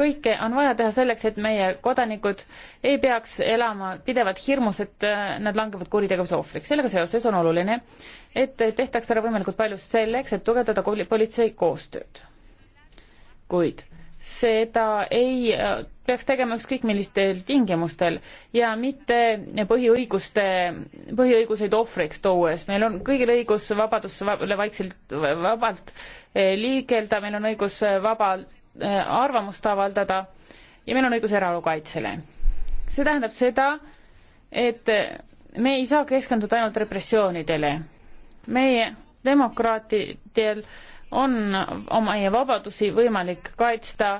Speaker 1: kõike on vaja teha selleks, et meie kodanikud ei peaks elama pidevalt hirmus, et äh, nad langevad kuritegevuse ohvriks. sellega seoses on oluline, et tehtaks ära võimalikult palju selleks, et tugevdada politsei koostööd. kuid seda ei peaks tegema ükskõik millistel tingimustel ja mitte põhiõiguste, põhiõiguseid ohvriks tuues. meil on kõigil õigus vabadusse vaikselt, vabalt eh, liigelda, meil on õigus eh, vabalt eh, arvamust avaldada ja meil on õigus eraelu kaitsele. see tähendab seda, et me ei saa keskenduda ainult repressioonidele. meie demokraatidel äh, on oma vabadusi võimalik kaitsta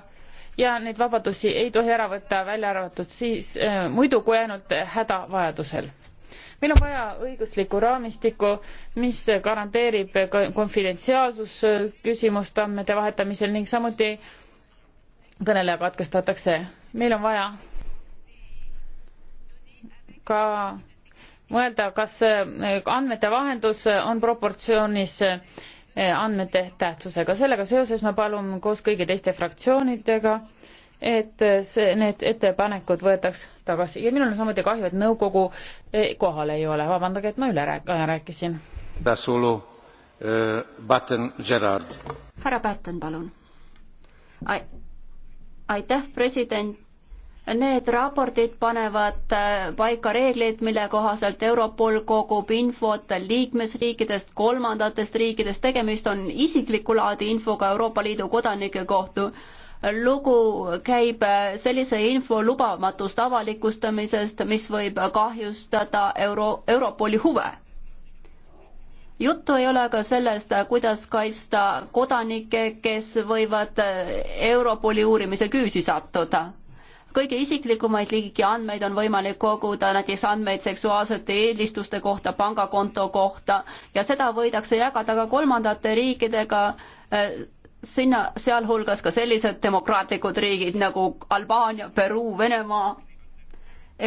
Speaker 1: ja neid vabadusi ei tohi ära võtta, välja arvatud siis äh, muidu kui ainult hädavajadusel. meil on vaja õiguslikku raamistikku, mis garanteerib konfidentsiaalsus küsimust andmete vahetamisel ning samuti kõneleja katkestatakse. meil on vaja ka mõelda, kas eh, andmete vahendus on proportsioonis äh, Eh, andmete tähtsusega. sellega seoses ma palun koos kõigi teiste fraktsioonidega, et eh, see, need ettepanekud võetaks tagasi ja minul on samuti kahju, et nõukogu eh, kohal ei ole, vabandage, et ma
Speaker 3: üle rääk-, rääkisin. härra Patten, palun. aitäh, president Need raportid panevad äh, paika reeglid, mille kohaselt Europol kogub infot liikmesriikidest, kolmandatest riikidest, tegemist on isiklikku laadi infoga Euroopa Liidu kodanike kohta. lugu käib äh, sellise info lubamatust avalikustamisest, mis võib kahjustada Euro-, Europoli huve. juttu ei ole ka sellest, äh, kuidas kaitsta kodanikke, kes võivad Europoli uurimise küüsi sattuda kõige isiklikumaid liigi andmeid on võimalik koguda, näiteks andmeid seksuaalsete eelistuste kohta, pangakonto kohta ja seda võidakse jagada ka kolmandate riikidega eh, sinna, sealhulgas ka sellised demokraatlikud riigid nagu Albaania, Peruu, Venemaa.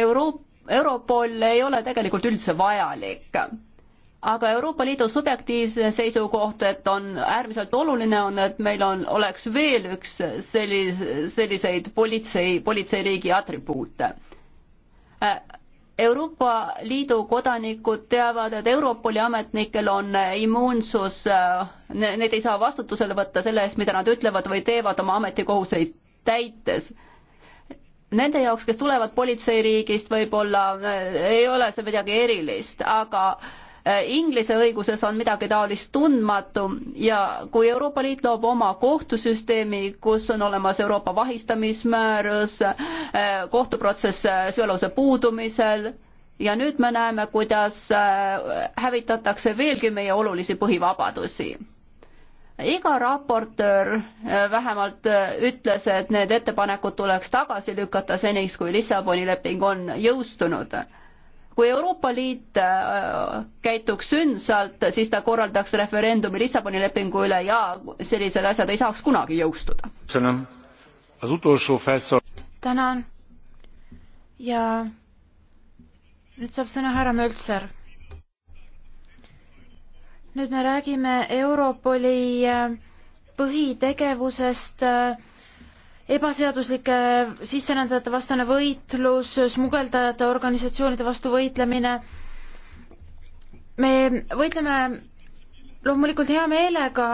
Speaker 3: Euroop-, Europol ei ole tegelikult üldse vajalik aga Euroopa Liidu subjektiivne seisukoht, et on äärmiselt oluline on, et meil on, oleks veel üks sellis, selliseid politsei, politseiriigi atribuute. Äh, Euroopa Liidu kodanikud teavad, et Europoli ametnikel on äh, immuunsus, äh, need ei saa vastutusele võtta selle eest, mida nad ütlevad või teevad oma ametikohuseid täites nende jaoks, kes tulevad politseiriigist, võib-olla ei ole see midagi erilist, aga Äh, Inglise õiguses on midagi taolist tundmatu ja kui Euroopa Liit loob oma kohtusüsteemi, kus on olemas Euroopa vahistamismäärus, äh, kohtuprotsess äh, süüaluse puudumisel, ja nüüd me näeme, kuidas hävitatakse veelgi meie olulisi põhivabadusi. iga raportöör vähemalt ütles, et need ettepanekud tuleks tagasi lükata seniks, kui Lissaboni leping on jõustunud kui Euroopa Liit äh, käituks sündsalt, siis ta korraldaks referendumi Lissaboni lepingu üle ja sellised
Speaker 5: asjad ei saaks kunagi jõustuda. tänan. ja nüüd saab sõna härra Möltser. nüüd me räägime Europoli äh, põhitegevusest äh, ebaseaduslike sisserändajate vastane võitlus, smugeldajate organisatsioonide vastu võitlemine. me võitleme loomulikult hea meelega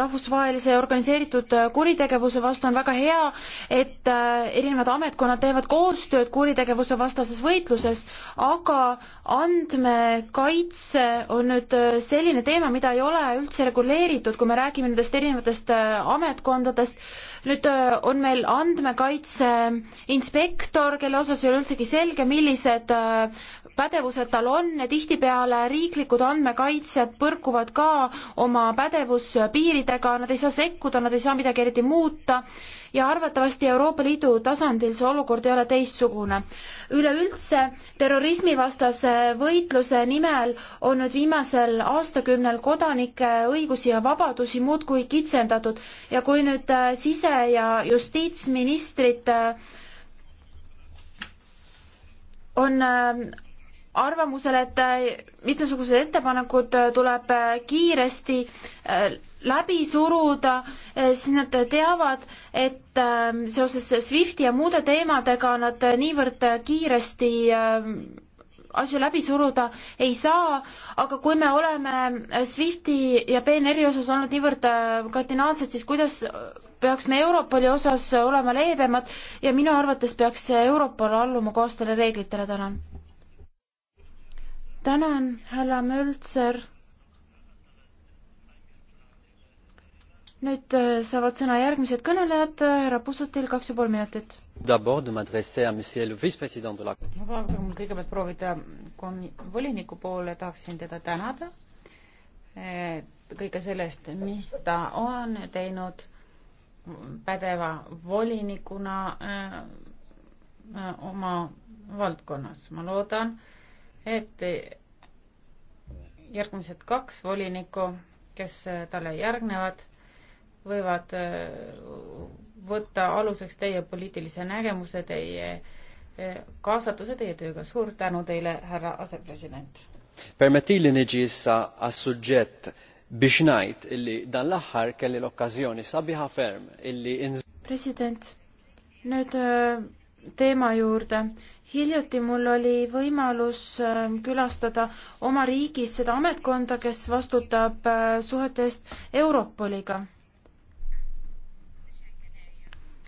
Speaker 5: rahvusvahelise organiseeritud kuritegevuse vastu on väga hea, et äh, erinevad ametkonnad teevad koostööd kuritegevuse vastases võitluses, aga andmekaitse on nüüd äh, selline teema, mida ei ole üldse reguleeritud, kui me räägime nendest erinevatest äh, ametkondadest nüüd äh, on meil andmekaitse inspektor, kelle osas ei ole üldsegi selge, millised äh, pädevused tal on ja tihtipeale riiklikud andmekaitsjad põrkuvad ka oma pädevuspiiridega, nad ei saa sekkuda, nad ei saa midagi eriti muuta ja arvatavasti Euroopa Liidu tasandil see olukord ei ole teistsugune. üleüldse terrorismivastase võitluse nimel on nüüd viimasel aastakümnel kodanike õigusi ja vabadusi muudkui kitsendatud ja kui nüüd äh, sise- ja justiitsministrid äh, on äh, arvamusel, et mitmesugused ettepanekud tuleb kiiresti läbi suruda, eh, siis nad teavad, et eh, seoses SWIFTi ja muude teemadega nad niivõrd kiiresti eh, asju läbi suruda ei saa, aga kui me oleme SWIFTi ja PNR-i osas olnud niivõrd kardinaalsed, siis kuidas peaks me Europoli osas olema leebemad ja minu arvates peaks Europol alluma koostele reeglitele, tänan. tänan, härra Möltser nüüd äh, saavad sõna järgmised kõnelejad, härra Pusutil kaks ja pool minutit. lubage mul kõigepealt proovida komi-, voliniku poole,
Speaker 1: tahaksin teda tänada eh, kõige sellest, mis ta on teinud pädeva volinikuna äh, oma valdkonnas. ma loodan, et järgmised kaks volinikku, kes eh, talle järgnevad, võivad äh, võtta aluseks teie poliitilise nägemuse, teie äh, kaasatuse teie tööga. suur tänu teile, härra asepresident.
Speaker 2: permetilli niġi issa għas-suġġett biex ngħid illi dan l-aħħar kelli l-okkażjoni sabiħa ferm illi
Speaker 5: President, nüüd äh, teema juurde. hiljuti mul oli võimalus külastada oma riigis seda ametkonda, kes vastutab suhetest Europoliga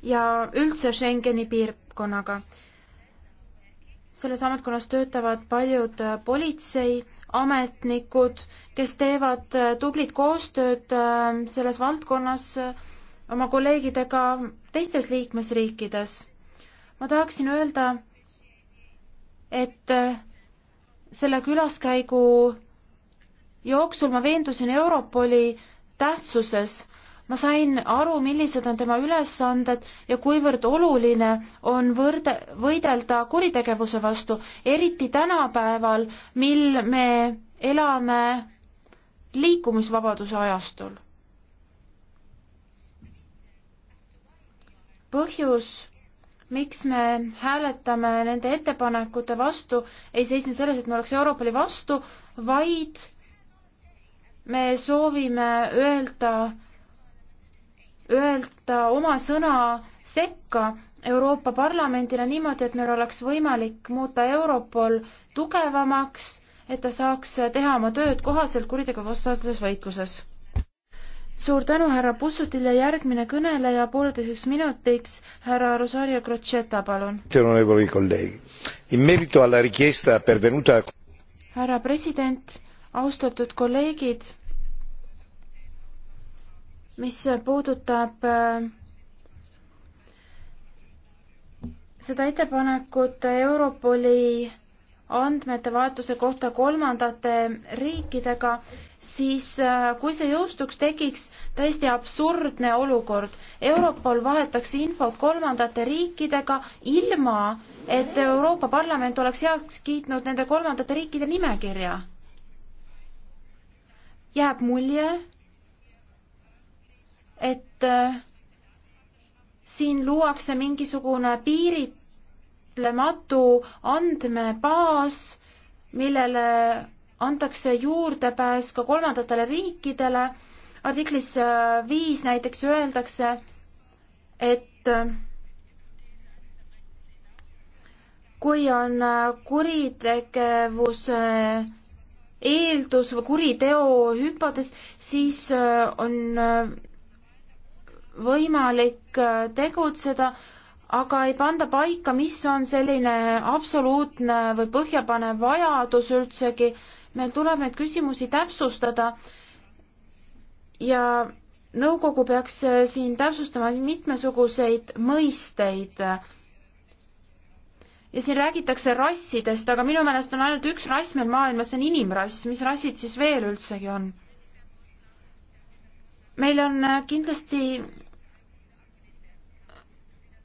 Speaker 5: ja üldse Schengeni piirkonnaga. selles ametkonnas töötavad paljud äh, politseiametnikud, kes teevad äh, tublit koostööd äh, selles valdkonnas oma kolleegidega teistes liikmesriikides. ma tahaksin öelda, et selle külaskäigu jooksul ma veendusin Europoli tähtsuses ma sain aru, millised on tema ülesanded ja kuivõrd oluline on võrde, võidelda kuritegevuse vastu, eriti tänapäeval, mil me elame liikumisvabaduse ajastul. põhjus, miks me hääletame nende ettepanekute vastu, ei seisne selles, et me oleks Europoli vastu, vaid me soovime öelda öelda oma sõna sekka Euroopa Parlamendile niimoodi, et meil oleks võimalik muuta Europol tugevamaks, et ta saaks teha oma tööd kohaselt kuritega vastases võitluses. suur tänu, härra Pussutil ja järgmine kõneleja pooleteiseks minutiks, härra Rosario Crocetta, palun. härra president, austatud kolleegid mis puudutab äh, seda ettepanekut Europoli andmete vahetuse kohta kolmandate riikidega, siis äh, kui see jõustuks, tekiks täiesti absurdne olukord. Europol vahetaks infot kolmandate riikidega ilma, et Euroopa Parlament oleks heaks kiitnud nende kolmandate riikide nimekirja. jääb mulje, et äh, siin luuakse mingisugune piiritlematu andmebaas, millele antakse juurdepääs ka kolmandatele riikidele. artiklis äh, viis näiteks öeldakse, et äh, kui on kuritegevuse eeldus või kuriteo hüpotees, siis on võimalik äh, tegutseda, aga ei panda paika, mis on selline absoluutne või põhjapanev vajadus üldsegi. meil tuleb neid küsimusi täpsustada ja nõukogu peaks äh, siin täpsustama mitmesuguseid mõisteid. ja siin räägitakse rassidest, aga minu meelest on ainult üks rass meil maailmas, see on inimrass, mis rassid siis veel üldsegi on? meil on äh, kindlasti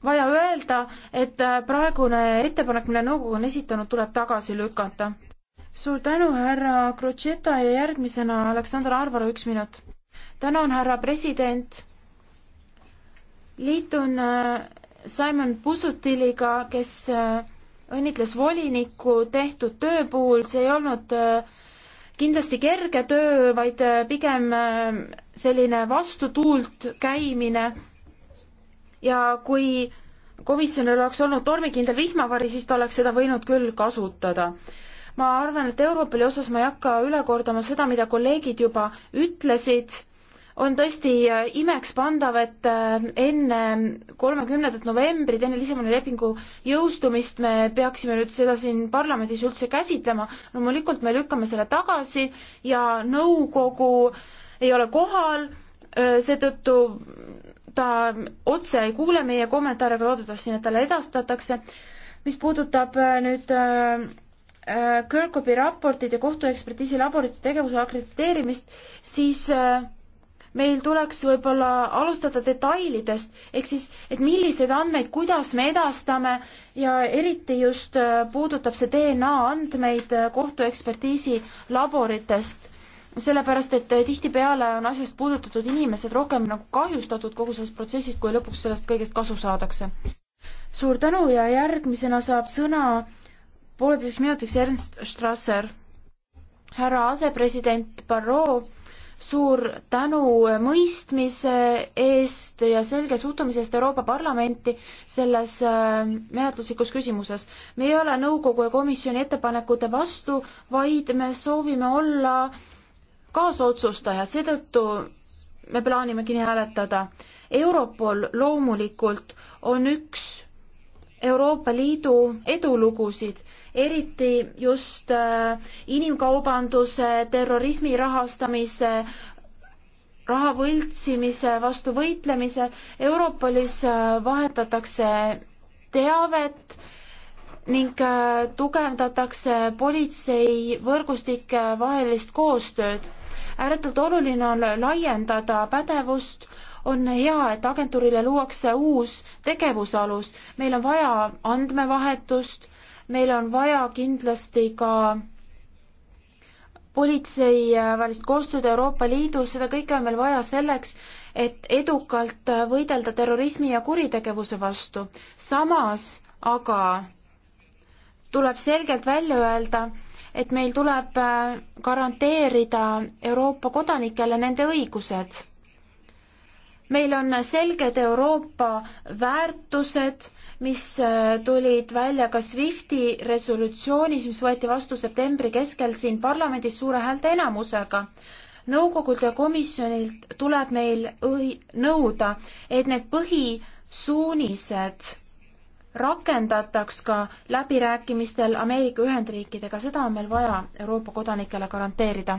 Speaker 5: vaja öelda, et äh, praegune ettepanek, mille nõukogu on esitanud, tuleb tagasi lükata. suur tänu, härra Crocetta ja järgmisena Aleksandr Arvaru, üks minut. tänan, härra president. liitun äh, Simon Pusutiliga, kes õnnitles volinikku tehtud töö puhul, see ei olnud äh, kindlasti kerge töö, vaid äh, pigem äh, selline vastutuult käimine. ja kui komisjonil oleks olnud tormikindel vihmavari, siis ta oleks seda võinud küll kasutada. ma arvan, et Europoli osas ma ei hakka üle kordama seda, mida kolleegid juba ütlesid on tõesti äh, imekspandav, et äh, enne kolmekümnendat novembrit, enne Lissaboni lepingu jõustumist me peaksime nüüd seda siin parlamendis üldse käsitlema. loomulikult me lükkame selle tagasi ja nõukogu ei ole kohal, äh, seetõttu ta otse ei kuule meie kommentaare, aga loodetavasti need talle edastatakse. mis puudutab nüüd äh, Kirkhopi raportid ja kohtuekspertiisi laborite tegevuse akrediteerimist, siis äh, meil tuleks võib-olla alustada detailidest, ehk siis, et milliseid andmeid, kuidas me edastame ja eriti just äh, puudutab see DNA andmeid äh, kohtuekspertiisi laboritest, sellepärast et äh, tihtipeale on asjast puudutatud inimesed rohkem nagu kahjustatud kogu sellest protsessist, kui lõpuks sellest kõigest kasu saadakse. suur tänu ja järgmisena saab sõna pooleteiseks minutiks Ernst Strasser. härra asepresident Barrot suur tänu mõistmise eest ja selge suhtumise eest Euroopa Parlamenti selles äh, menetluslikus küsimuses. me ei ole nõukogu ja komisjoni ettepanekute vastu, vaid me soovime olla kaasotsustajad, seetõttu me plaanimegi nii hääletada. Europol loomulikult on üks Euroopa Liidu edulugusid eriti just äh, inimkaubanduse, terrorismi rahastamise, raha võltsimise vastu võitlemise. Europolis äh, vahetatakse teavet ning äh, tugevdatakse politsei võrgustike vahelist koostööd. ääretult oluline on laiendada pädevust, on hea, et agentuurile luuakse uus tegevusalus, meil on vaja andmevahetust meil on vaja kindlasti ka politseiväelist äh, koostööd Euroopa Liidus, seda kõike on meil vaja selleks, et edukalt äh, võidelda terrorismi ja kuritegevuse vastu. samas aga tuleb selgelt välja öelda, et meil tuleb äh, garanteerida Euroopa kodanikele nende õigused. meil on selged Euroopa väärtused mis äh, tulid välja ka SWIFTi resolutsioonis, mis võeti vastu septembri keskel siin parlamendis suure häälteenamusega. nõukogult ja komisjonilt tuleb meil õi-, nõuda, et need põhisuunised rakendataks ka läbirääkimistel Ameerika Ühendriikidega, seda on meil vaja Euroopa kodanikele garanteerida.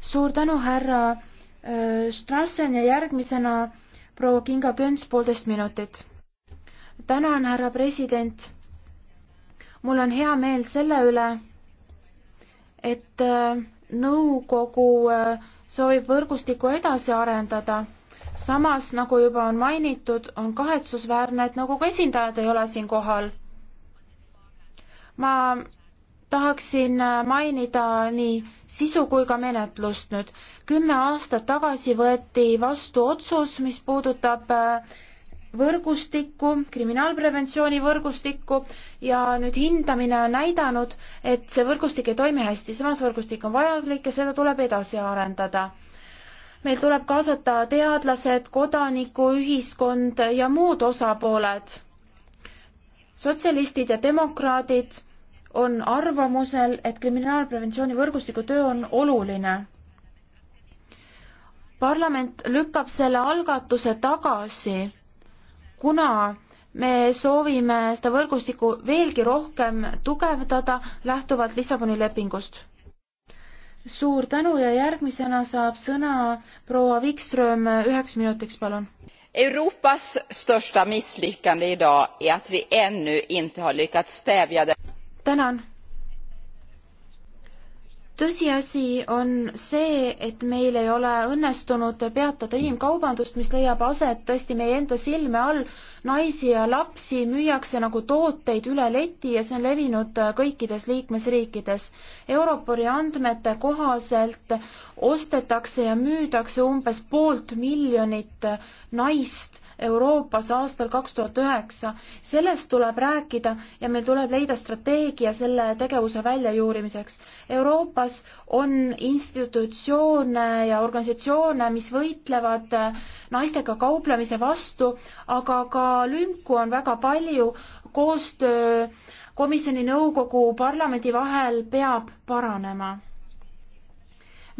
Speaker 5: suur tänu, härra äh, Strassen ja järgmisena proua Kinga Köns, poolteist minutit tänan, härra president. mul on hea meel selle üle, et äh, nõukogu äh, soovib võrgustikku edasi arendada. samas, nagu juba on mainitud, on kahetsusväärne, et nõukogu esindajad ei ole siin kohal. ma tahaksin äh, mainida nii sisu kui ka menetlust nüüd. kümme aastat tagasi võeti vastu otsus, mis puudutab võrgustikku, kriminaalpreventsiooni võrgustikku ja nüüd hindamine on näidanud, et see võrgustik ei toimi hästi, samas võrgustik on vajalik ja seda tuleb edasi arendada. meil tuleb kaasata teadlased, kodanikuühiskond ja muud osapooled. sotsialistid ja demokraadid on arvamusel, et kriminaalpreventsiooni võrgustiku töö on oluline parlament lükkab selle algatuse tagasi kuna me soovime seda võrgustikku veelgi rohkem tugevdada lähtuvalt Lissaboni lepingust. suur tänu ja järgmisena saab sõna proua Wikström üheks minutiks, palun. Europas största misslyckande idag är att vi ännu inte har lyckats stävja det. tänan tõsiasi on see, et meil ei ole õnnestunud peatada inimkaubandust, mis leiab aset tõesti meie enda silme all. naisi ja lapsi müüakse nagu tooteid üle leti ja see on levinud kõikides liikmesriikides. Europoli andmete kohaselt ostetakse ja müüdakse umbes poolt miljonit naist Euroopas aastal kaks tuhat üheksa. sellest tuleb rääkida ja meil tuleb leida strateegia selle tegevuse väljajuurimiseks. Euroopas on institutsioone ja organisatsioone, mis võitlevad äh, naistega kauplemise vastu, aga ka lünku on väga palju, koostöö komisjoni, nõukogu, parlamendi vahel peab paranema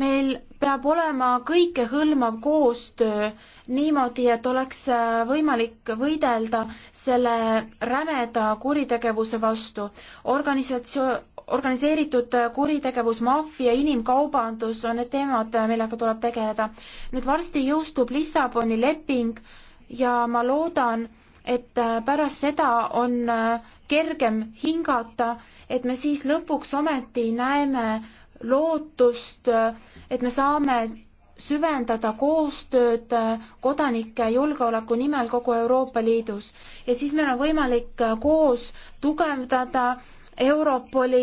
Speaker 5: meil peab olema kõikehõlmav koostöö niimoodi, et oleks äh, võimalik võidelda selle rämeda kuritegevuse vastu. organisatsioon, organiseeritud äh, kuritegevus, maffia, inimkaubandus on need teemad, äh, millega tuleb tegeleda. nüüd varsti jõustub Lissaboni leping ja ma loodan, et pärast seda on kergem hingata, et me siis lõpuks ometi näeme lootust, et me saame süvendada koostööd kodanike julgeoleku nimel kogu Euroopa Liidus ja siis meil on võimalik koos tugevdada Europoli,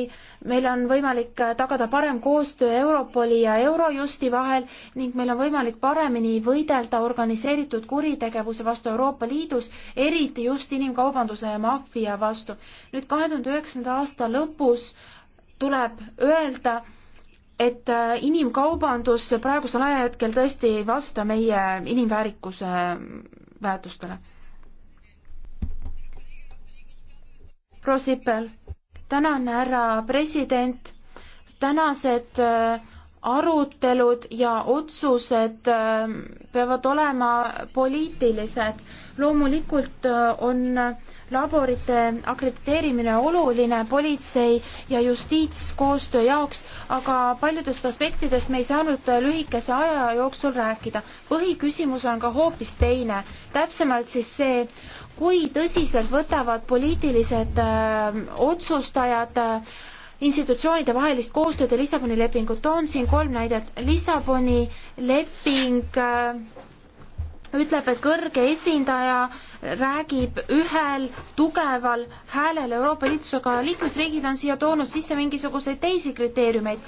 Speaker 5: meil on võimalik tagada parem koostöö Europoli ja Eurojusti vahel ning meil on võimalik paremini võidelda organiseeritud kuritegevuse vastu Euroopa Liidus, eriti just inimkaubanduse ja maffia vastu. nüüd kahe tuhande üheksanda aasta lõpus tuleb öelda, et äh, inimkaubandus praegusel ajahetkel tõesti ei vasta meie inimväärikuse äh, väärtustele. proua Sipel, tänan, härra president, tänased äh, arutelud ja otsused peavad olema poliitilised. loomulikult on äh, laborite akrediteerimine oluline politsei ja justiitskoostöö jaoks, aga paljudest aspektidest me ei saanud lühikese aja jooksul rääkida. põhiküsimus on ka hoopis teine, täpsemalt siis see, kui tõsiselt võtavad poliitilised äh, otsustajad äh, institutsioonide vahelist koostööd ja Lissaboni lepingut. toon siin kolm näidet. Lissaboni leping äh, ütleb, et kõrge esindaja räägib ühel tugeval häälel Euroopa Liidus, aga liikmesriigid on siia toonud sisse mingisuguseid teisi kriteeriumeid.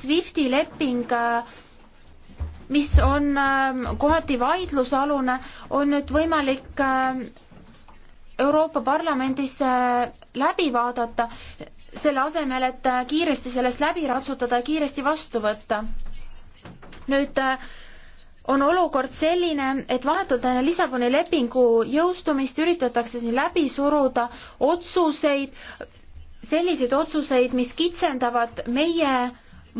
Speaker 5: SWIFTi leping mis on ähm, kohati vaidlusalune, on nüüd võimalik ähm, Euroopa Parlamendis äh, läbi vaadata, selle asemel, et äh, kiiresti sellest läbi ratsutada ja kiiresti vastu võtta. nüüd äh, on olukord selline, et vahetult enne Lissaboni lepingu jõustumist üritatakse siin läbi suruda otsuseid, selliseid otsuseid, mis kitsendavad meie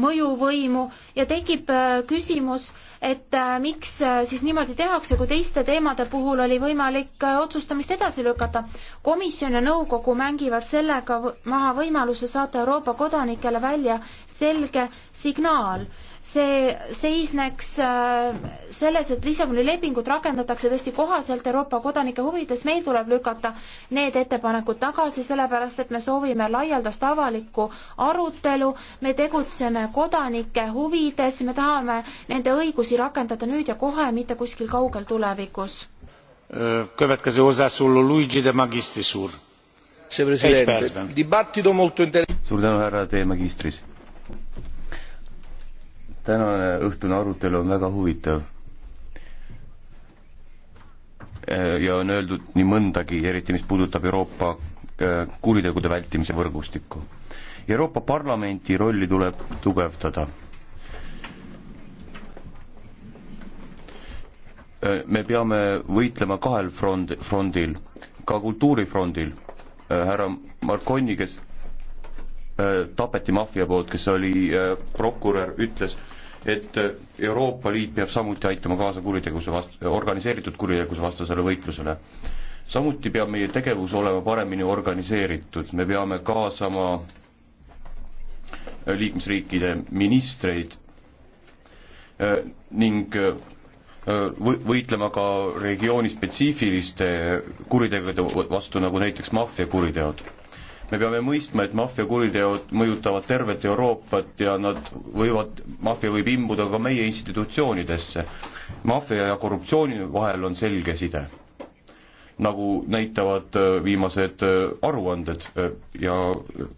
Speaker 5: mõjuvõimu ja tekib äh, küsimus, et äh, miks äh, siis niimoodi tehakse, kui teiste teemade puhul oli võimalik otsustamist edasi lükata. komisjon ja nõukogu mängivad sellega maha võimaluse saata Euroopa kodanikele välja selge signaal see seisneks äh, selles, et Lissaboni lepingut rakendatakse tõesti kohaselt Euroopa kodanike huvides, meil tuleb lükata need ettepanekud tagasi, sellepärast et me soovime laialdast avalikku arutelu, me tegutseme kodanike huvides, me tahame nende õigusi rakendada nüüd ja kohe, mitte kuskil kaugel tulevikus.
Speaker 2: Äh, suur tänu, härra teie magistris tänane õhtune arutelu on väga huvitav. Äh, ja on öeldud nii mõndagi, eriti mis puudutab Euroopa äh, kuritegude vältimise võrgustikku. Euroopa Parlamenti rolli tuleb tugevdada. Äh, me peame võitlema kahel frond, frondil, ka kultuurifrondil. härra Marconi, kes Äh, tapeti maffia poolt, kes oli äh, prokurör, ütles, et äh, Euroopa Liit peab samuti aitama kaasa kuritegevuse vast-, organiseeritud kuritegevuse vastasele võitlusele. samuti peab meie tegevus olema paremini organiseeritud, me peame kaasama liikmesriikide ministreid ning võitlema ka regiooni spetsiifiliste kuritegude vastu, nagu näiteks maffiakuriteod me peame mõistma, et maffiakuriteod mõjutavad tervet Euroopat ja nad võivad, maffia võib imbuda ka meie institutsioonidesse. maffia ja korruptsiooni vahel on selge side, nagu näitavad äh, viimased äh, aruanded äh, ja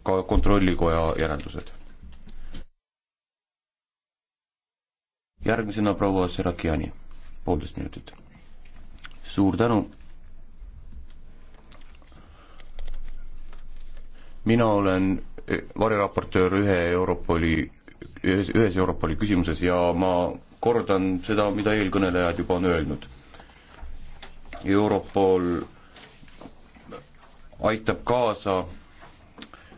Speaker 2: ka Kontrollikoja järeldused. järgmisena proua Serakiani, poolteist minutit. suur tänu mina olen eh, variraportöör ühe Europoli, ühes, ühes Europoli küsimuses ja ma kordan seda, mida eelkõnelejad juba on öelnud. Europol aitab kaasa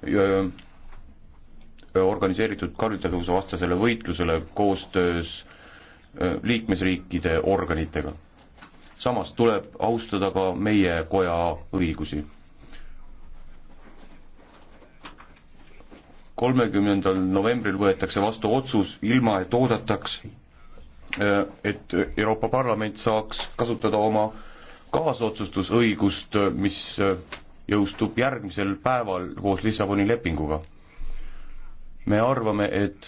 Speaker 2: eh, organiseeritud karjutatavuse vastasele võitlusele koostöös eh, liikmesriikide organitega. samas tuleb austada ka meie koja õigusi kolmekümnendal novembril võetakse vastu otsus, ilma et oodataks, äh, et Euroopa Parlament saaks kasutada oma kaasotsustusõigust, äh, mis äh, jõustub järgmisel päeval koos Lissaboni lepinguga. me arvame, et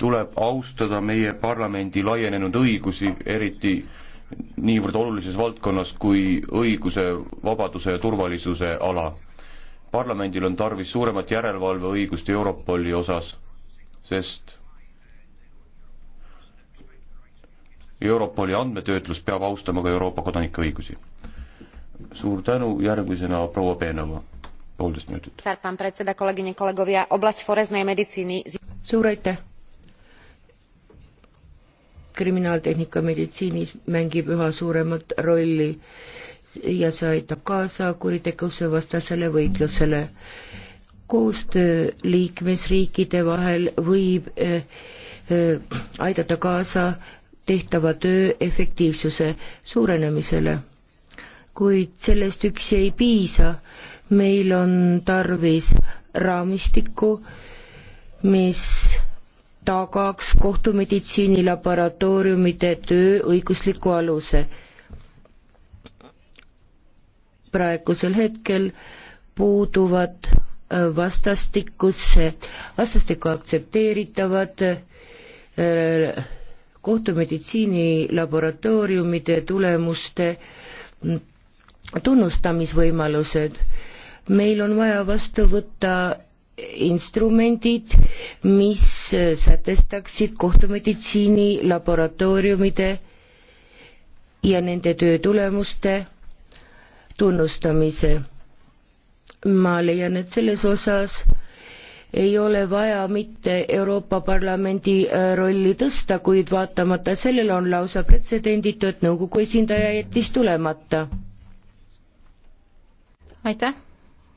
Speaker 2: tuleb austada meie parlamendi laienenud õigusi, eriti niivõrd olulises valdkonnas kui õiguse, vabaduse ja turvalisuse ala parlamendil on tarvis suuremat järelevalveõigust Europoli osas, sest Europoli andmetöötlus peab austama ka Euroopa kodanike õigusi. suur tänu, järgmisena proua Peenova, poolteist minutit.
Speaker 4: suur aitäh! kriminaaltehnika meditsiinis mängib üha suuremat rolli ja see aitab kaasa kuritegevuse vastasele võitlusele. koostöö liikmesriikide vahel võib äh, äh, aidata kaasa tehtava töö efektiivsuse suurenemisele. kuid sellest üksi ei piisa, meil on tarvis raamistikku, mis tagaks kohtumeditsiinilaboratooriumide töö õigusliku aluse praegusel hetkel puuduvad äh, vastastikusse, vastastikku aktsepteeritavad äh, kohtumeditsiini laboratooriumide tulemuste mm, tunnustamisvõimalused. meil on vaja vastu võtta instrumendid, mis äh, sätestaksid kohtumeditsiini laboratooriumide ja nende töö tulemuste tunnustamise. ma leian, et selles osas ei ole vaja mitte Euroopa Parlamendi äh, rolli tõsta, kuid vaatamata sellele on lausa pretsedenditu, et nõukogu esindaja jättis tulemata.
Speaker 6: aitäh,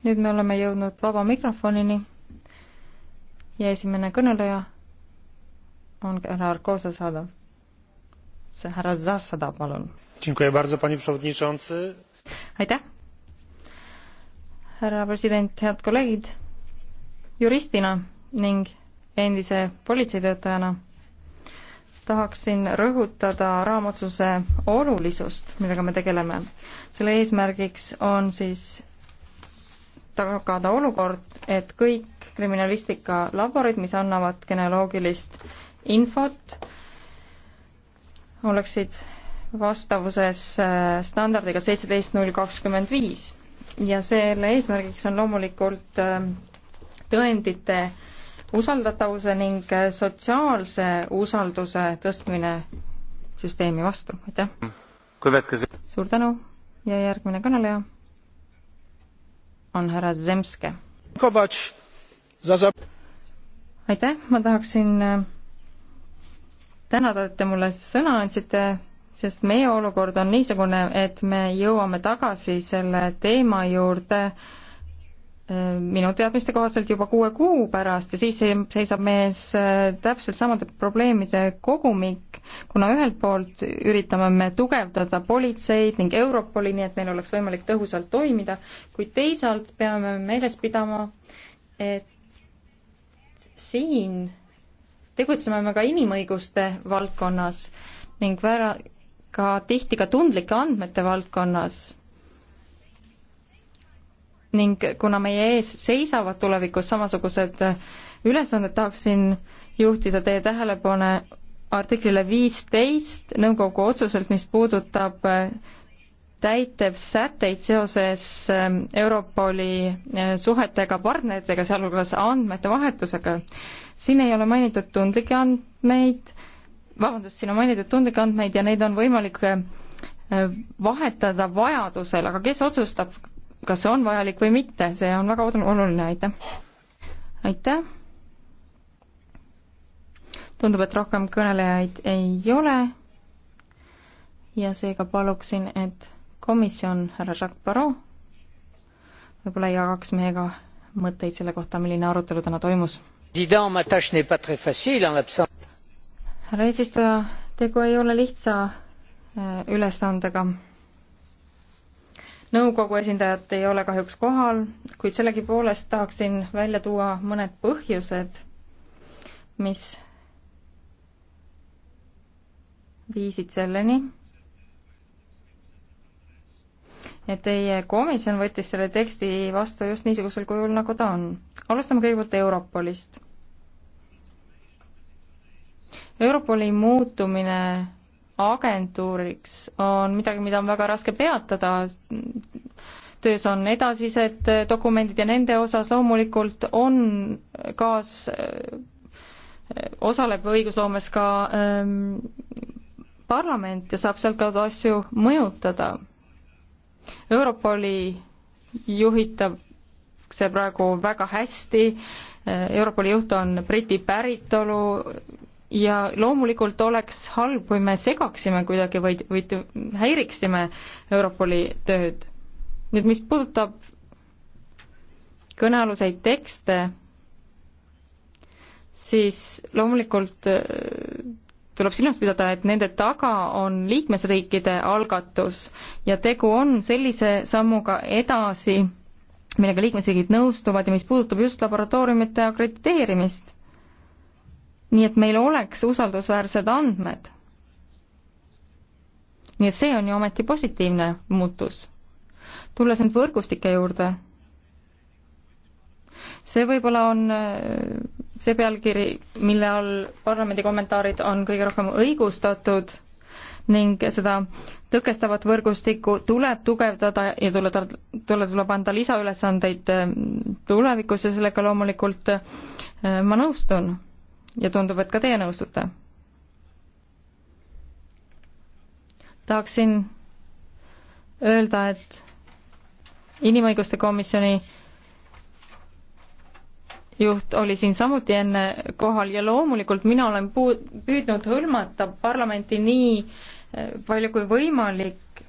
Speaker 6: nüüd me oleme jõudnud vaba mikrofonini ja esimene kõneleja on härra Arkoza Sadov. härra Zasada, palun aitäh, härra president, head kolleegid. juristina ning endise politseitöötajana tahaksin rõhutada raamotsuse olulisust, millega me tegeleme. selle eesmärgiks on siis tagada olukord, et kõik kriminalistika laborid, mis annavad genealoogilist infot, oleksid vastavuses äh, standardiga seitseteist null kakskümmend viis ja selle eesmärgiks on loomulikult äh, tõendite usaldatavuse ning äh, sotsiaalse usalduse tõstmine süsteemi vastu, aitäh! suur tänu ja järgmine kõneleja on härra Zemske. aitäh, ma tahaksin tänada, et te mulle sõna andsite sest meie olukord on niisugune, et me jõuame tagasi selle teema juurde eh, minu teadmiste kohaselt juba kuue kuu pärast ja siis seisab meie ees eh, täpselt samade probleemide kogumik, kuna ühelt poolt üritame me tugevdada politseid ning Europoli, nii et neil oleks võimalik tõhusalt toimida, kuid teisalt peame meeles pidama, et siin tegutseme me ka inimõiguste valdkonnas ning vära-, ka tihti ka tundlike andmete valdkonnas ning kuna meie ees seisavad tulevikus samasugused ülesanded, tahaksin juhtida teie tähelepanu artiklile viisteist nõukogu otsuselt, mis puudutab äh, täitevsätteid seoses ähm, Europoli äh, suhetega partneritega, sealhulgas andmete vahetusega. siin ei ole mainitud tundlikke andmeid vabandust, siin on mainitud tundlikke andmeid ja neid on võimalik äh, äh, vahetada vajadusel, aga kes otsustab, kas see on vajalik või mitte, see on väga oluline, aitäh. aitäh. tundub, et rohkem kõnelejaid ei ole. ja seega paluksin, et komisjon, härra Jacques Barrault, võib-olla jagaks meiega mõtteid selle kohta, milline arutelu täna toimus härra eesistuja, tegu ei ole lihtsa äh, ülesandega. nõukogu esindajat ei ole kahjuks kohal, kuid sellegipoolest tahaksin välja tuua mõned põhjused, mis viisid selleni, et teie komisjon võttis selle teksti vastu just niisugusel kujul, nagu ta on. alustame kõigepealt Europolist Europoli muutumine agentuuriks on midagi, mida on väga raske peatada, töös on edasised dokumendid ja nende osas loomulikult on kaas, osaleb õigusloomes ka ähm, parlament ja saab sealtkaudu asju mõjutada. Europoli juhitakse praegu väga hästi, äh, Europoli juht on Briti päritolu, ja loomulikult oleks halb, kui me segaksime kuidagi või, või häiriksime Europoli tööd. nüüd mis puudutab kõnealuseid tekste, siis loomulikult äh, tuleb silmas pidada, et nende taga on liikmesriikide algatus ja tegu on sellise sammuga edasi, millega liikmesriigid nõustuvad ja mis puudutab just laboratooriumite akrediteerimist nii et meil oleks usaldusväärsed andmed. nii et see on ju ometi positiivne muutus. tulles nüüd võrgustike juurde, see võib-olla on äh, see pealkiri, mille all parlamendi kommentaarid on kõige rohkem õigustatud ning seda tõkestavat võrgustikku tuleb tugevdada ja tule, tule, tuleb anda lisaülesandeid äh, tulevikus ja sellega loomulikult äh, ma nõustun ja tundub, et ka teie nõustute. tahaksin öelda, et inimõiguste komisjoni juht oli siin samuti enne kohal ja loomulikult mina olen puu-, püüdnud hõlmata parlamenti nii eh, palju kui võimalik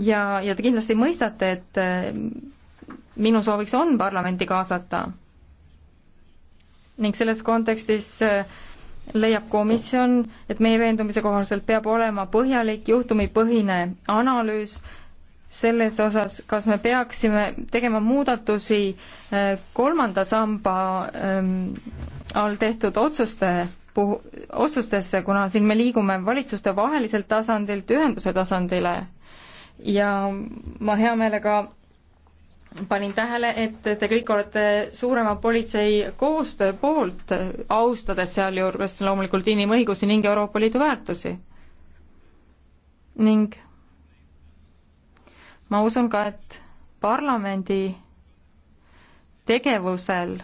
Speaker 6: ja, ja te kindlasti mõistate, et eh, minu sooviks on parlamenti kaasata ning selles kontekstis äh, leiab komisjon, et meie veendumise kohaselt peab olema põhjalik juhtumipõhine analüüs selles osas, kas me peaksime tegema muudatusi äh, kolmanda samba ähm, all tehtud otsuste puhu-, otsustesse, kuna siin me liigume valitsuste vaheliselt tasandilt ühenduse tasandile ja ma hea meelega panin tähele, et te kõik olete suurema politsei koostöö poolt, austades sealjuures loomulikult inimõigusi ning Euroopa Liidu väärtusi. ning ma usun ka, et parlamendi tegevusel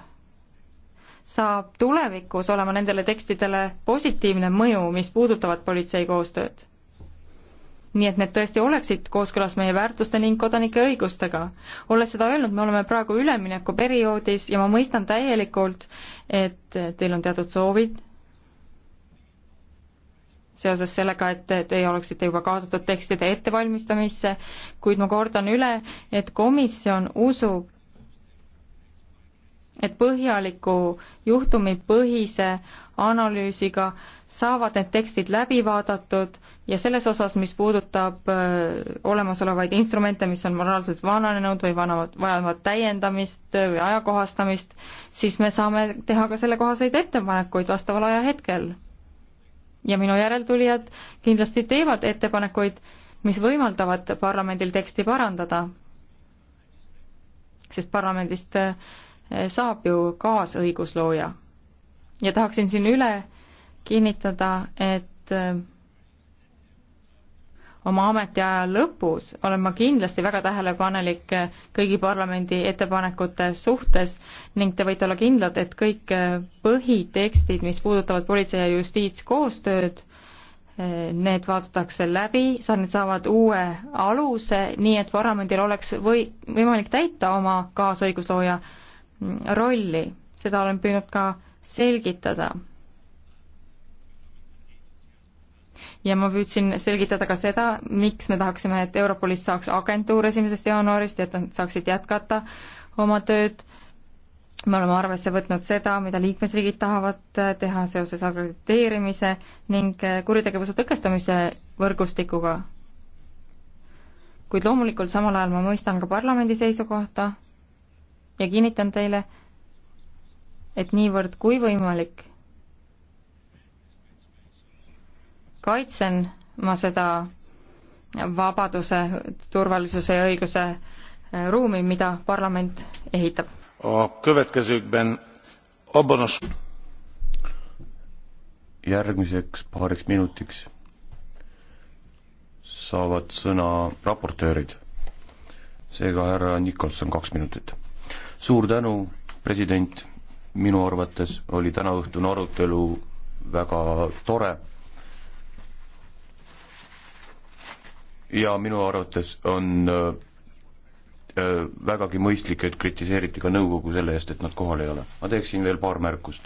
Speaker 6: saab tulevikus olema nendele tekstidele positiivne mõju, mis puudutavad politsei koostööd nii et need tõesti oleksid kooskõlas meie väärtuste ning kodanike õigustega. olles seda öelnud, me oleme praegu üleminekuperioodis ja ma mõistan täielikult, et teil on teatud soovid seoses sellega, et teie oleksite juba kaasatud tekstide ettevalmistamisse, kuid ma kordan üle, et komisjon usub, et põhjaliku juhtumipõhise analüüsiga saavad need tekstid läbi vaadatud ja selles osas, mis puudutab äh, olemasolevaid instrumente, mis on moraalselt vananenud või vanavad, vajavad täiendamist või ajakohastamist, siis me saame teha ka sellekohaseid ettepanekuid vastaval ajahetkel. ja minu järeltulijad kindlasti teevad ettepanekuid, mis võimaldavad parlamendil teksti parandada. sest parlamendist äh, saab ju kaasõiguslooja. ja tahaksin siin üle kinnitada, et äh, oma ametiaja lõpus olen ma kindlasti väga tähelepanelik eh, kõigi parlamendi ettepanekute suhtes ning te võite olla kindlad, et kõik eh, põhitekstid, mis puudutavad politsei ja justiitskoostööd, eh, need vaadatakse läbi, need saavad uue aluse, nii et parlamendil oleks või võimalik täita oma kaasõiguslooja mm, rolli, seda olen püüdnud ka selgitada ja ma püüdsin selgitada ka seda, miks me tahaksime, et Europolist saaks agentuur esimesest jaanuarist ja et nad saaksid jätkata oma tööd. me oleme arvesse võtnud seda, mida liikmesriigid tahavad teha seoses akrediteerimise ning kuritegevuse tõkestamise võrgustikuga. kuid loomulikult samal ajal ma mõistan ka parlamendi seisukohta ja kinnitan teile, et niivõrd kui võimalik kaitsen ma seda vabaduse, turvalisuse ja õiguse eh, ruumi, mida parlament ehitab.
Speaker 2: järgmiseks paariks minutiks saavad sõna raportöörid. seega härra Nikolson, kaks minutit. suur tänu, president, minu arvates oli tänaõhtune arutelu väga tore ja minu arvates on äh, äh, vägagi mõistlik, et kritiseeriti ka nõukogu selle eest, et nad kohal ei ole. ma teeksin veel paar märkust.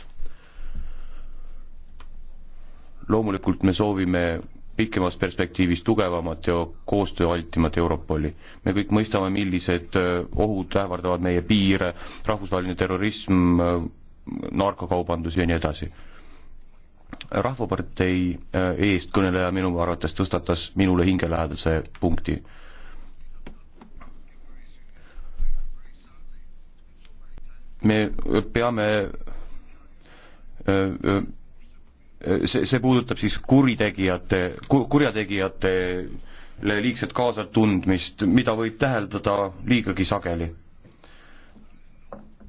Speaker 2: loomulikult me soovime pikemas perspektiivis tugevamat ja koostööaltimat Europoli. me kõik mõistame, millised äh, ohud ähvardavad meie piire, rahvusvaheline terrorism, narkokaubandus ja nii edasi rahvapartei äh, eestkõneleja minu arvates tõstatas minule hingelähedase punkti. me peame, äh, äh, see, see puudutab siis kuritegijate, kurjategijatele liigset kaasatundmist, mida võib täheldada liigagi sageli.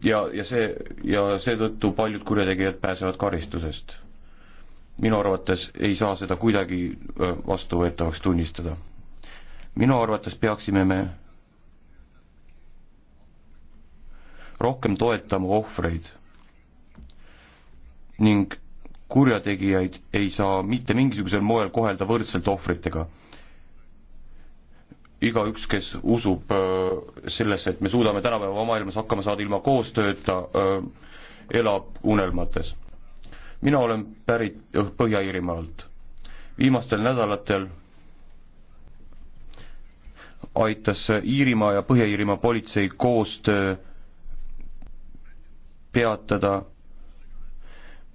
Speaker 2: ja, ja see, ja seetõttu paljud kurjategijad pääsevad karistusest minu arvates ei saa seda kuidagi vastuvõetavaks tunnistada. minu arvates peaksime me rohkem toetama ohvreid ning kurjategijaid ei saa mitte mingisugusel moel kohelda võrdselt ohvritega. igaüks, kes usub sellesse, et me suudame tänapäeva maailmas hakkama saada ilma koostööta, elab unelmates mina olen pärit Põhja-Iirimaalt. viimastel nädalatel aitas Iirimaa ja Põhja-Iirimaa politsei koostöö peatada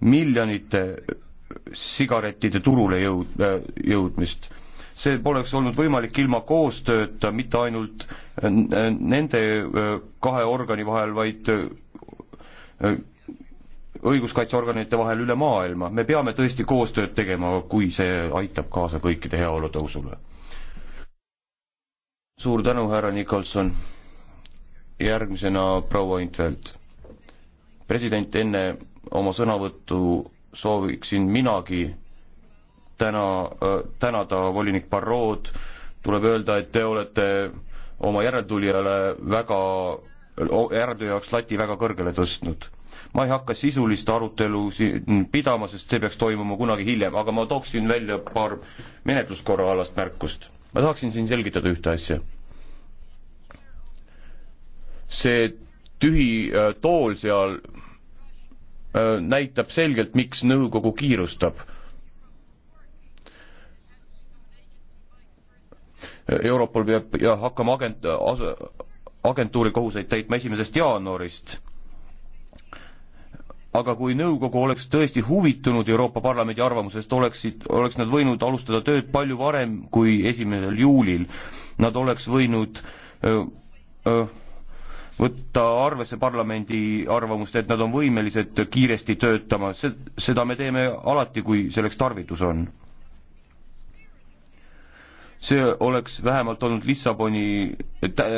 Speaker 2: miljonite sigarettide turule jõud-, äh, jõudmist. see poleks olnud võimalik ilma koostööta mitte ainult nende äh, kahe organi vahel, vaid äh, õiguskaitseorganite vahel üle maailma, me peame tõesti koostööd tegema, kui see aitab kaasa kõikide heaolu tõusule. suur tänu, härra Nikolson. järgmisena proua Intvelt. president, enne oma sõnavõttu sooviksin minagi täna, äh, tänada volinik Barrot, tuleb öelda, et te olete oma järeltulijale väga, järeltulija jaoks lati väga kõrgele tõstnud ma ei hakka sisulist arutelu siin pidama, sest see peaks toimuma kunagi hiljem, aga ma tooksin välja paar menetluskorra alast märkust. ma tahaksin siin selgitada ühte asja. see tühi äh, tool seal äh, näitab selgelt, miks nõukogu kiirustab Europol peab ja hakkama agent, agentuuri kohuseid täitma esimesest jaanuarist aga kui nõukogu oleks tõesti huvitunud Euroopa Parlamendi arvamusest, oleksid, oleks nad võinud alustada tööd palju varem kui esimesel juulil. Nad oleks võinud öö, öö, võtta arvesse parlamendi arvamust, et nad on võimelised kiiresti töötama, see, seda me teeme alati, kui selleks tarvidus on. see oleks vähemalt olnud Lissaboni, äh,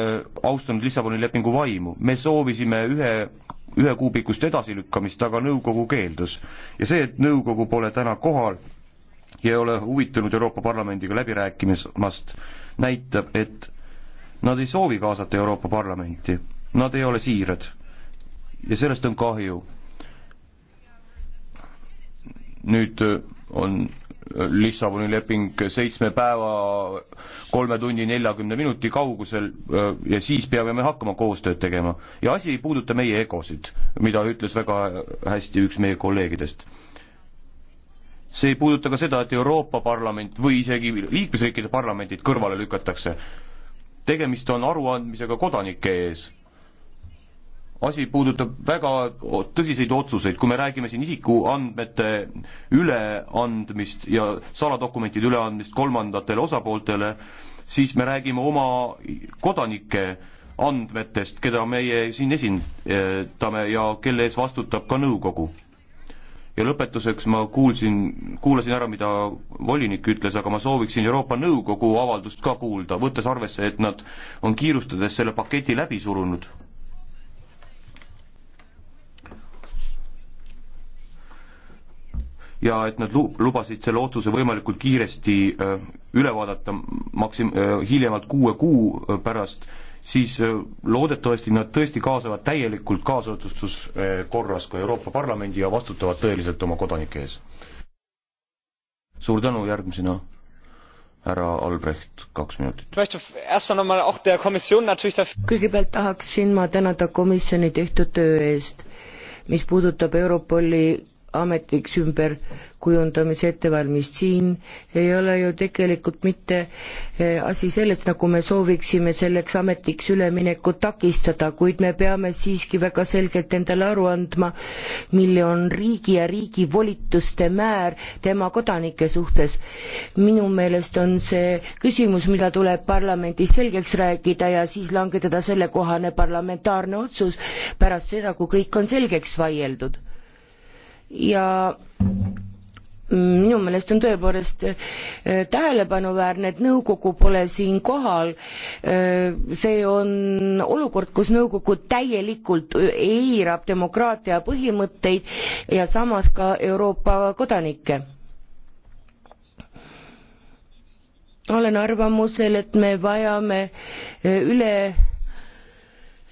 Speaker 2: austanud Lissaboni lepingu vaimu, me soovisime ühe ühekuubikust edasilükkamist, aga nõukogu keeldus. ja see, et nõukogu pole täna kohal ja ei ole huvitunud Euroopa Parlamendiga läbirääkimisest, näitab, et nad ei soovi kaasata Euroopa Parlamenti, nad ei ole siirad. ja sellest on kahju. nüüd äh, on Lissaboni leping seitsme päeva, kolme tunni, neljakümne minuti kaugusel ja siis peame me hakkama koostööd tegema. ja asi ei puuduta meie egosid, mida ütles väga hästi üks meie kolleegidest. see ei puuduta ka seda, et Euroopa Parlament või isegi liikmesriikide parlamendid kõrvale lükatakse. tegemist on aruandmisega kodanike ees asi puudutab väga tõsiseid otsuseid, kui me räägime siin isikuandmete üleandmist ja saladokumentide üleandmist kolmandatele osapooltele, siis me räägime oma kodanike andmetest, keda meie siin esindame ja kelle ees vastutab ka nõukogu. ja lõpetuseks ma kuulsin, kuulasin ära, mida volinik ütles, aga ma sooviksin Euroopa Nõukogu avaldust ka kuulda, võttes arvesse, et nad on kiirustades selle paketi läbi surunud ja et nad lubasid selle otsuse võimalikult kiiresti äh, üle vaadata maksim-, äh, hiljemalt kuue kuu äh, pärast, siis loodetavasti nad tõesti kaasavad täielikult kaasotsustuskorras ka Euroopa Parlamendi ja vastutavad tõeliselt oma kodanike ees. suur tänu, järgmisena härra Albrecht, kaks minutit.
Speaker 4: kõigepealt tahaksin ma tänada komisjoni tehtud töö eest, mis puudutab Europoli ametiks ümberkujundamise ettevalmist, siin ei ole ju tegelikult mitte eh, asi selles, nagu me sooviksime selleks ametiks üleminekut takistada, kuid me peame siiski väga selgelt endale aru andma, mille on riigi ja riigi volituste määr tema kodanike suhtes. minu meelest on see küsimus, mida tuleb parlamendis selgeks rääkida ja siis langetada sellekohane parlamentaarne otsus pärast seda, kui kõik on selgeks vaieldud ja minu meelest on tõepoolest äh, tähelepanuväärne, et nõukogu pole siin kohal. Äh, see on olukord, kus nõukogu täielikult äh, eirab demokraatia põhimõtteid ja samas ka Euroopa kodanikke. olen arvamusel, et me vajame üle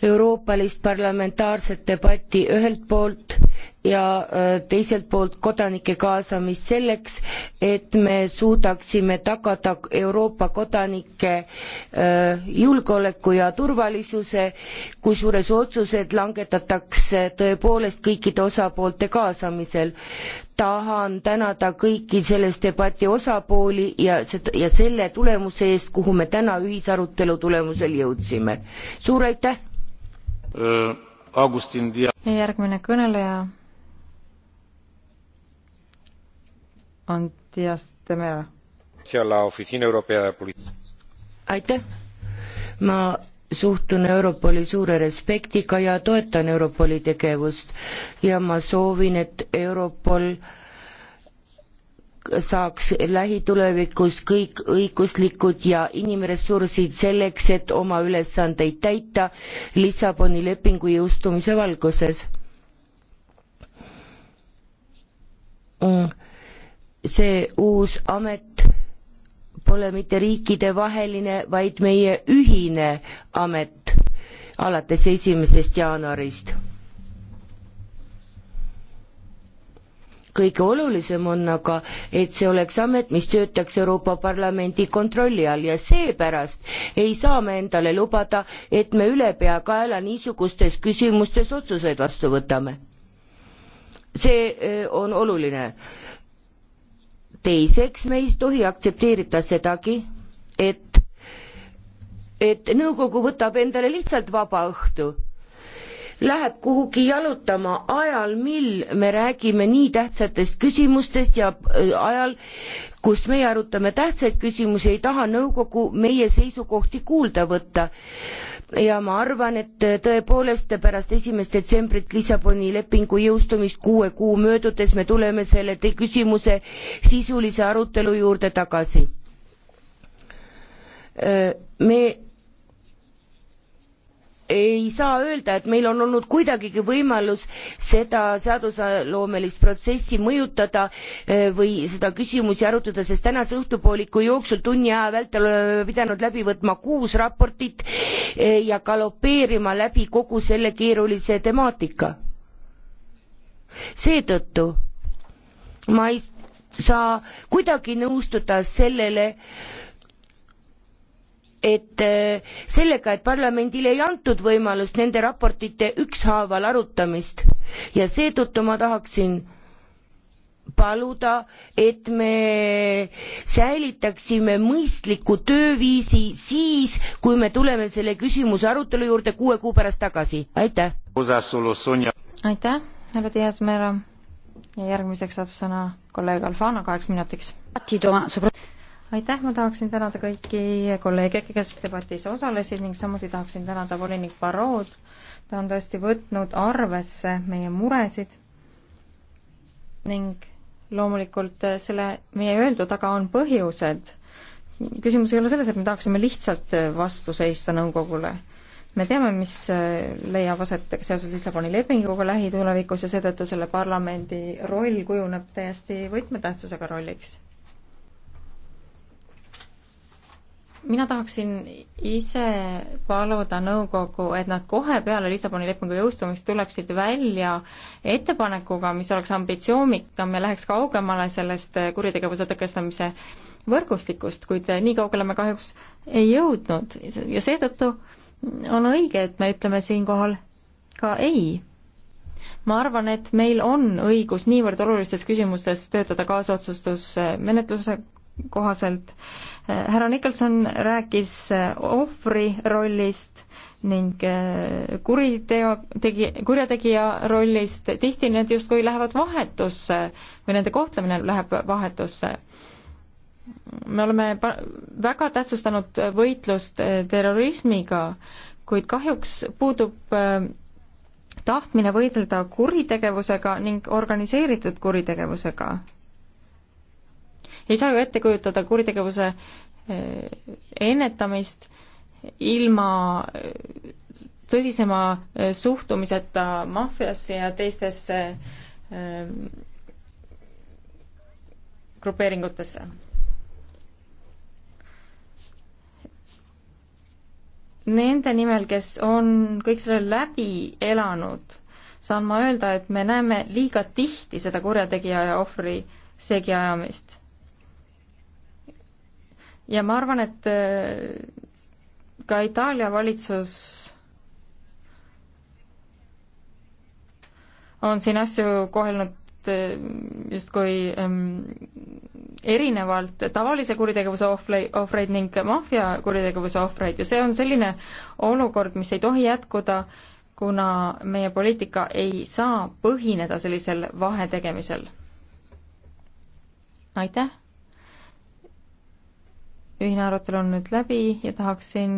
Speaker 4: euroopalist parlamentaarset debatti ühelt poolt ja äh, teiselt poolt kodanike kaasamist selleks, et me suudaksime tagada Euroopa kodanike äh, julgeoleku ja turvalisuse, kusjuures otsused langetatakse tõepoolest kõikide osapoolte kaasamisel. tahan tänada kõiki selles debati osapooli ja, ja selle tulemuse eest, kuhu me täna ühisarutelu tulemusel jõudsime. suur aitäh!
Speaker 2: Äh, Augustin Dia-.
Speaker 4: järgmine kõneleja Antias Temera. aitäh, ma suhtun Europoli suure respektiga ja toetan Europoli tegevust ja ma soovin, et Europol saaks lähitulevikus kõik õiguslikud ja inimressursid selleks, et oma ülesandeid täita Lissaboni lepingu jõustumise valguses mm see uus amet pole mitte riikidevaheline, vaid meie ühine amet alates esimesest jaanuarist. kõige olulisem on aga, et see oleks amet, mis töötaks Euroopa Parlamendi kontrolli all ja seepärast ei saa me endale lubada, et me ülepeakaela niisugustes küsimustes otsuseid vastu võtame see eh, on oluline teiseks, me ei tohi aktsepteerida sedagi, et, et nõukogu võtab endale lihtsalt vaba õhtu läheb kuhugi jalutama ajal, mil me räägime nii tähtsatest küsimustest ja äh, ajal, kus meie arutame tähtsaid küsimusi, ei taha nõukogu meie seisukohti kuulda võtta. ja ma arvan, et äh, tõepoolest pärast esimest detsembrit Lissaboni lepingu jõustumist kuue kuu möödudes me tuleme selle küsimuse sisulise arutelu juurde tagasi. Äh, me ei saa öelda, et meil on olnud kuidagigi võimalus seda seadusloomelist protsessi mõjutada eh, või seda küsimusi arutada, sest tänase õhtupooliku jooksul tunni aja vältel oleme pidanud läbi võtma kuus raportit eh, ja galopeerima läbi kogu selle keerulise temaatika. seetõttu ma ei saa kuidagi nõustuda sellele et äh, sellega, et parlamendile ei antud võimalust nende raportite ükshaaval arutamist ja seetõttu ma tahaksin paluda, et me säilitaksime mõistliku tööviisi siis, kui me tuleme selle küsimuse arutelu juurde kuue kuu pärast tagasi, aitäh. aitäh, härra Tiiasmäe ja järgmiseks saab sõna kolleeg
Speaker 6: Alfano kaheks minutiks aitäh, ma tahaksin tänada kõiki kolleege, kes debatis osalesid ning samuti tahaksin tänada volinik Barood. ta on tõesti võtnud arvesse meie muresid ning loomulikult selle meie öeldu taga on põhjused. küsimus ei ole selles, et me tahaksime lihtsalt vastu seista nõukogule. me teame, mis leiab aset seoses Lissaboni lepinguga lähitulevikus ja seetõttu selle parlamendi roll kujuneb täiesti võtmetähtsusega rolliks mina tahaksin ise paluda nõukogu, et nad kohe peale Lissaboni lepingu jõustumist tuleksid välja ettepanekuga, mis oleks ambitsioonikam ja läheks kaugemale sellest kuritegevuse tõkestamise võrgustikust, kuid nii kaugele me kahjuks ei jõudnud ja seetõttu on õige, et me ütleme siinkohal ka ei. ma arvan, et meil on õigus niivõrd olulistes küsimustes töötada kaasotsustusmenetluse kohaselt. härra Nicholson rääkis äh, ohvri rollist ning äh, kuriteo, tegi, kurjategija rollist, tihti need justkui lähevad vahetusse või nende kohtlemine läheb vahetusse. me oleme väga tähtsustanud võitlust äh, terrorismiga, kuid kahjuks puudub tahtmine võidelda kuritegevusega ning organiseeritud kuritegevusega ei saa ka ette kujutada kuritegevuse eh, ennetamist ilma eh, tõsisema eh, suhtumiseta maffiasse ja teistesse grupeeringutesse. Nende nimel, kes on kõik selle läbi elanud, saan ma öelda, et me näeme liiga tihti seda kurjategija ja ohvri segiajamist ja ma arvan, et äh, ka Itaalia valitsus on siin asju kohelnud äh, justkui ähm, erinevalt tavalise kuritegevuse ohvreid ning maffia kuritegevuse ohvreid ja see on selline olukord, mis ei tohi jätkuda, kuna meie poliitika ei saa põhineda sellisel vahetegemisel. aitäh! ühine arutelu on nüüd läbi ja tahaksin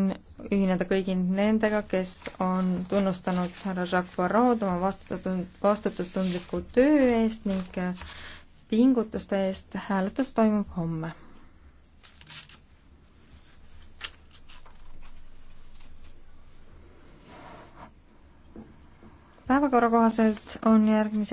Speaker 6: ühineda kõigi nendega, kes on tunnustanud härra Jacques Varrod oma vastututund-, vastutustundliku töö eest ning pingutuste eest. hääletus toimub homme. päevakorra kohaselt on järgmise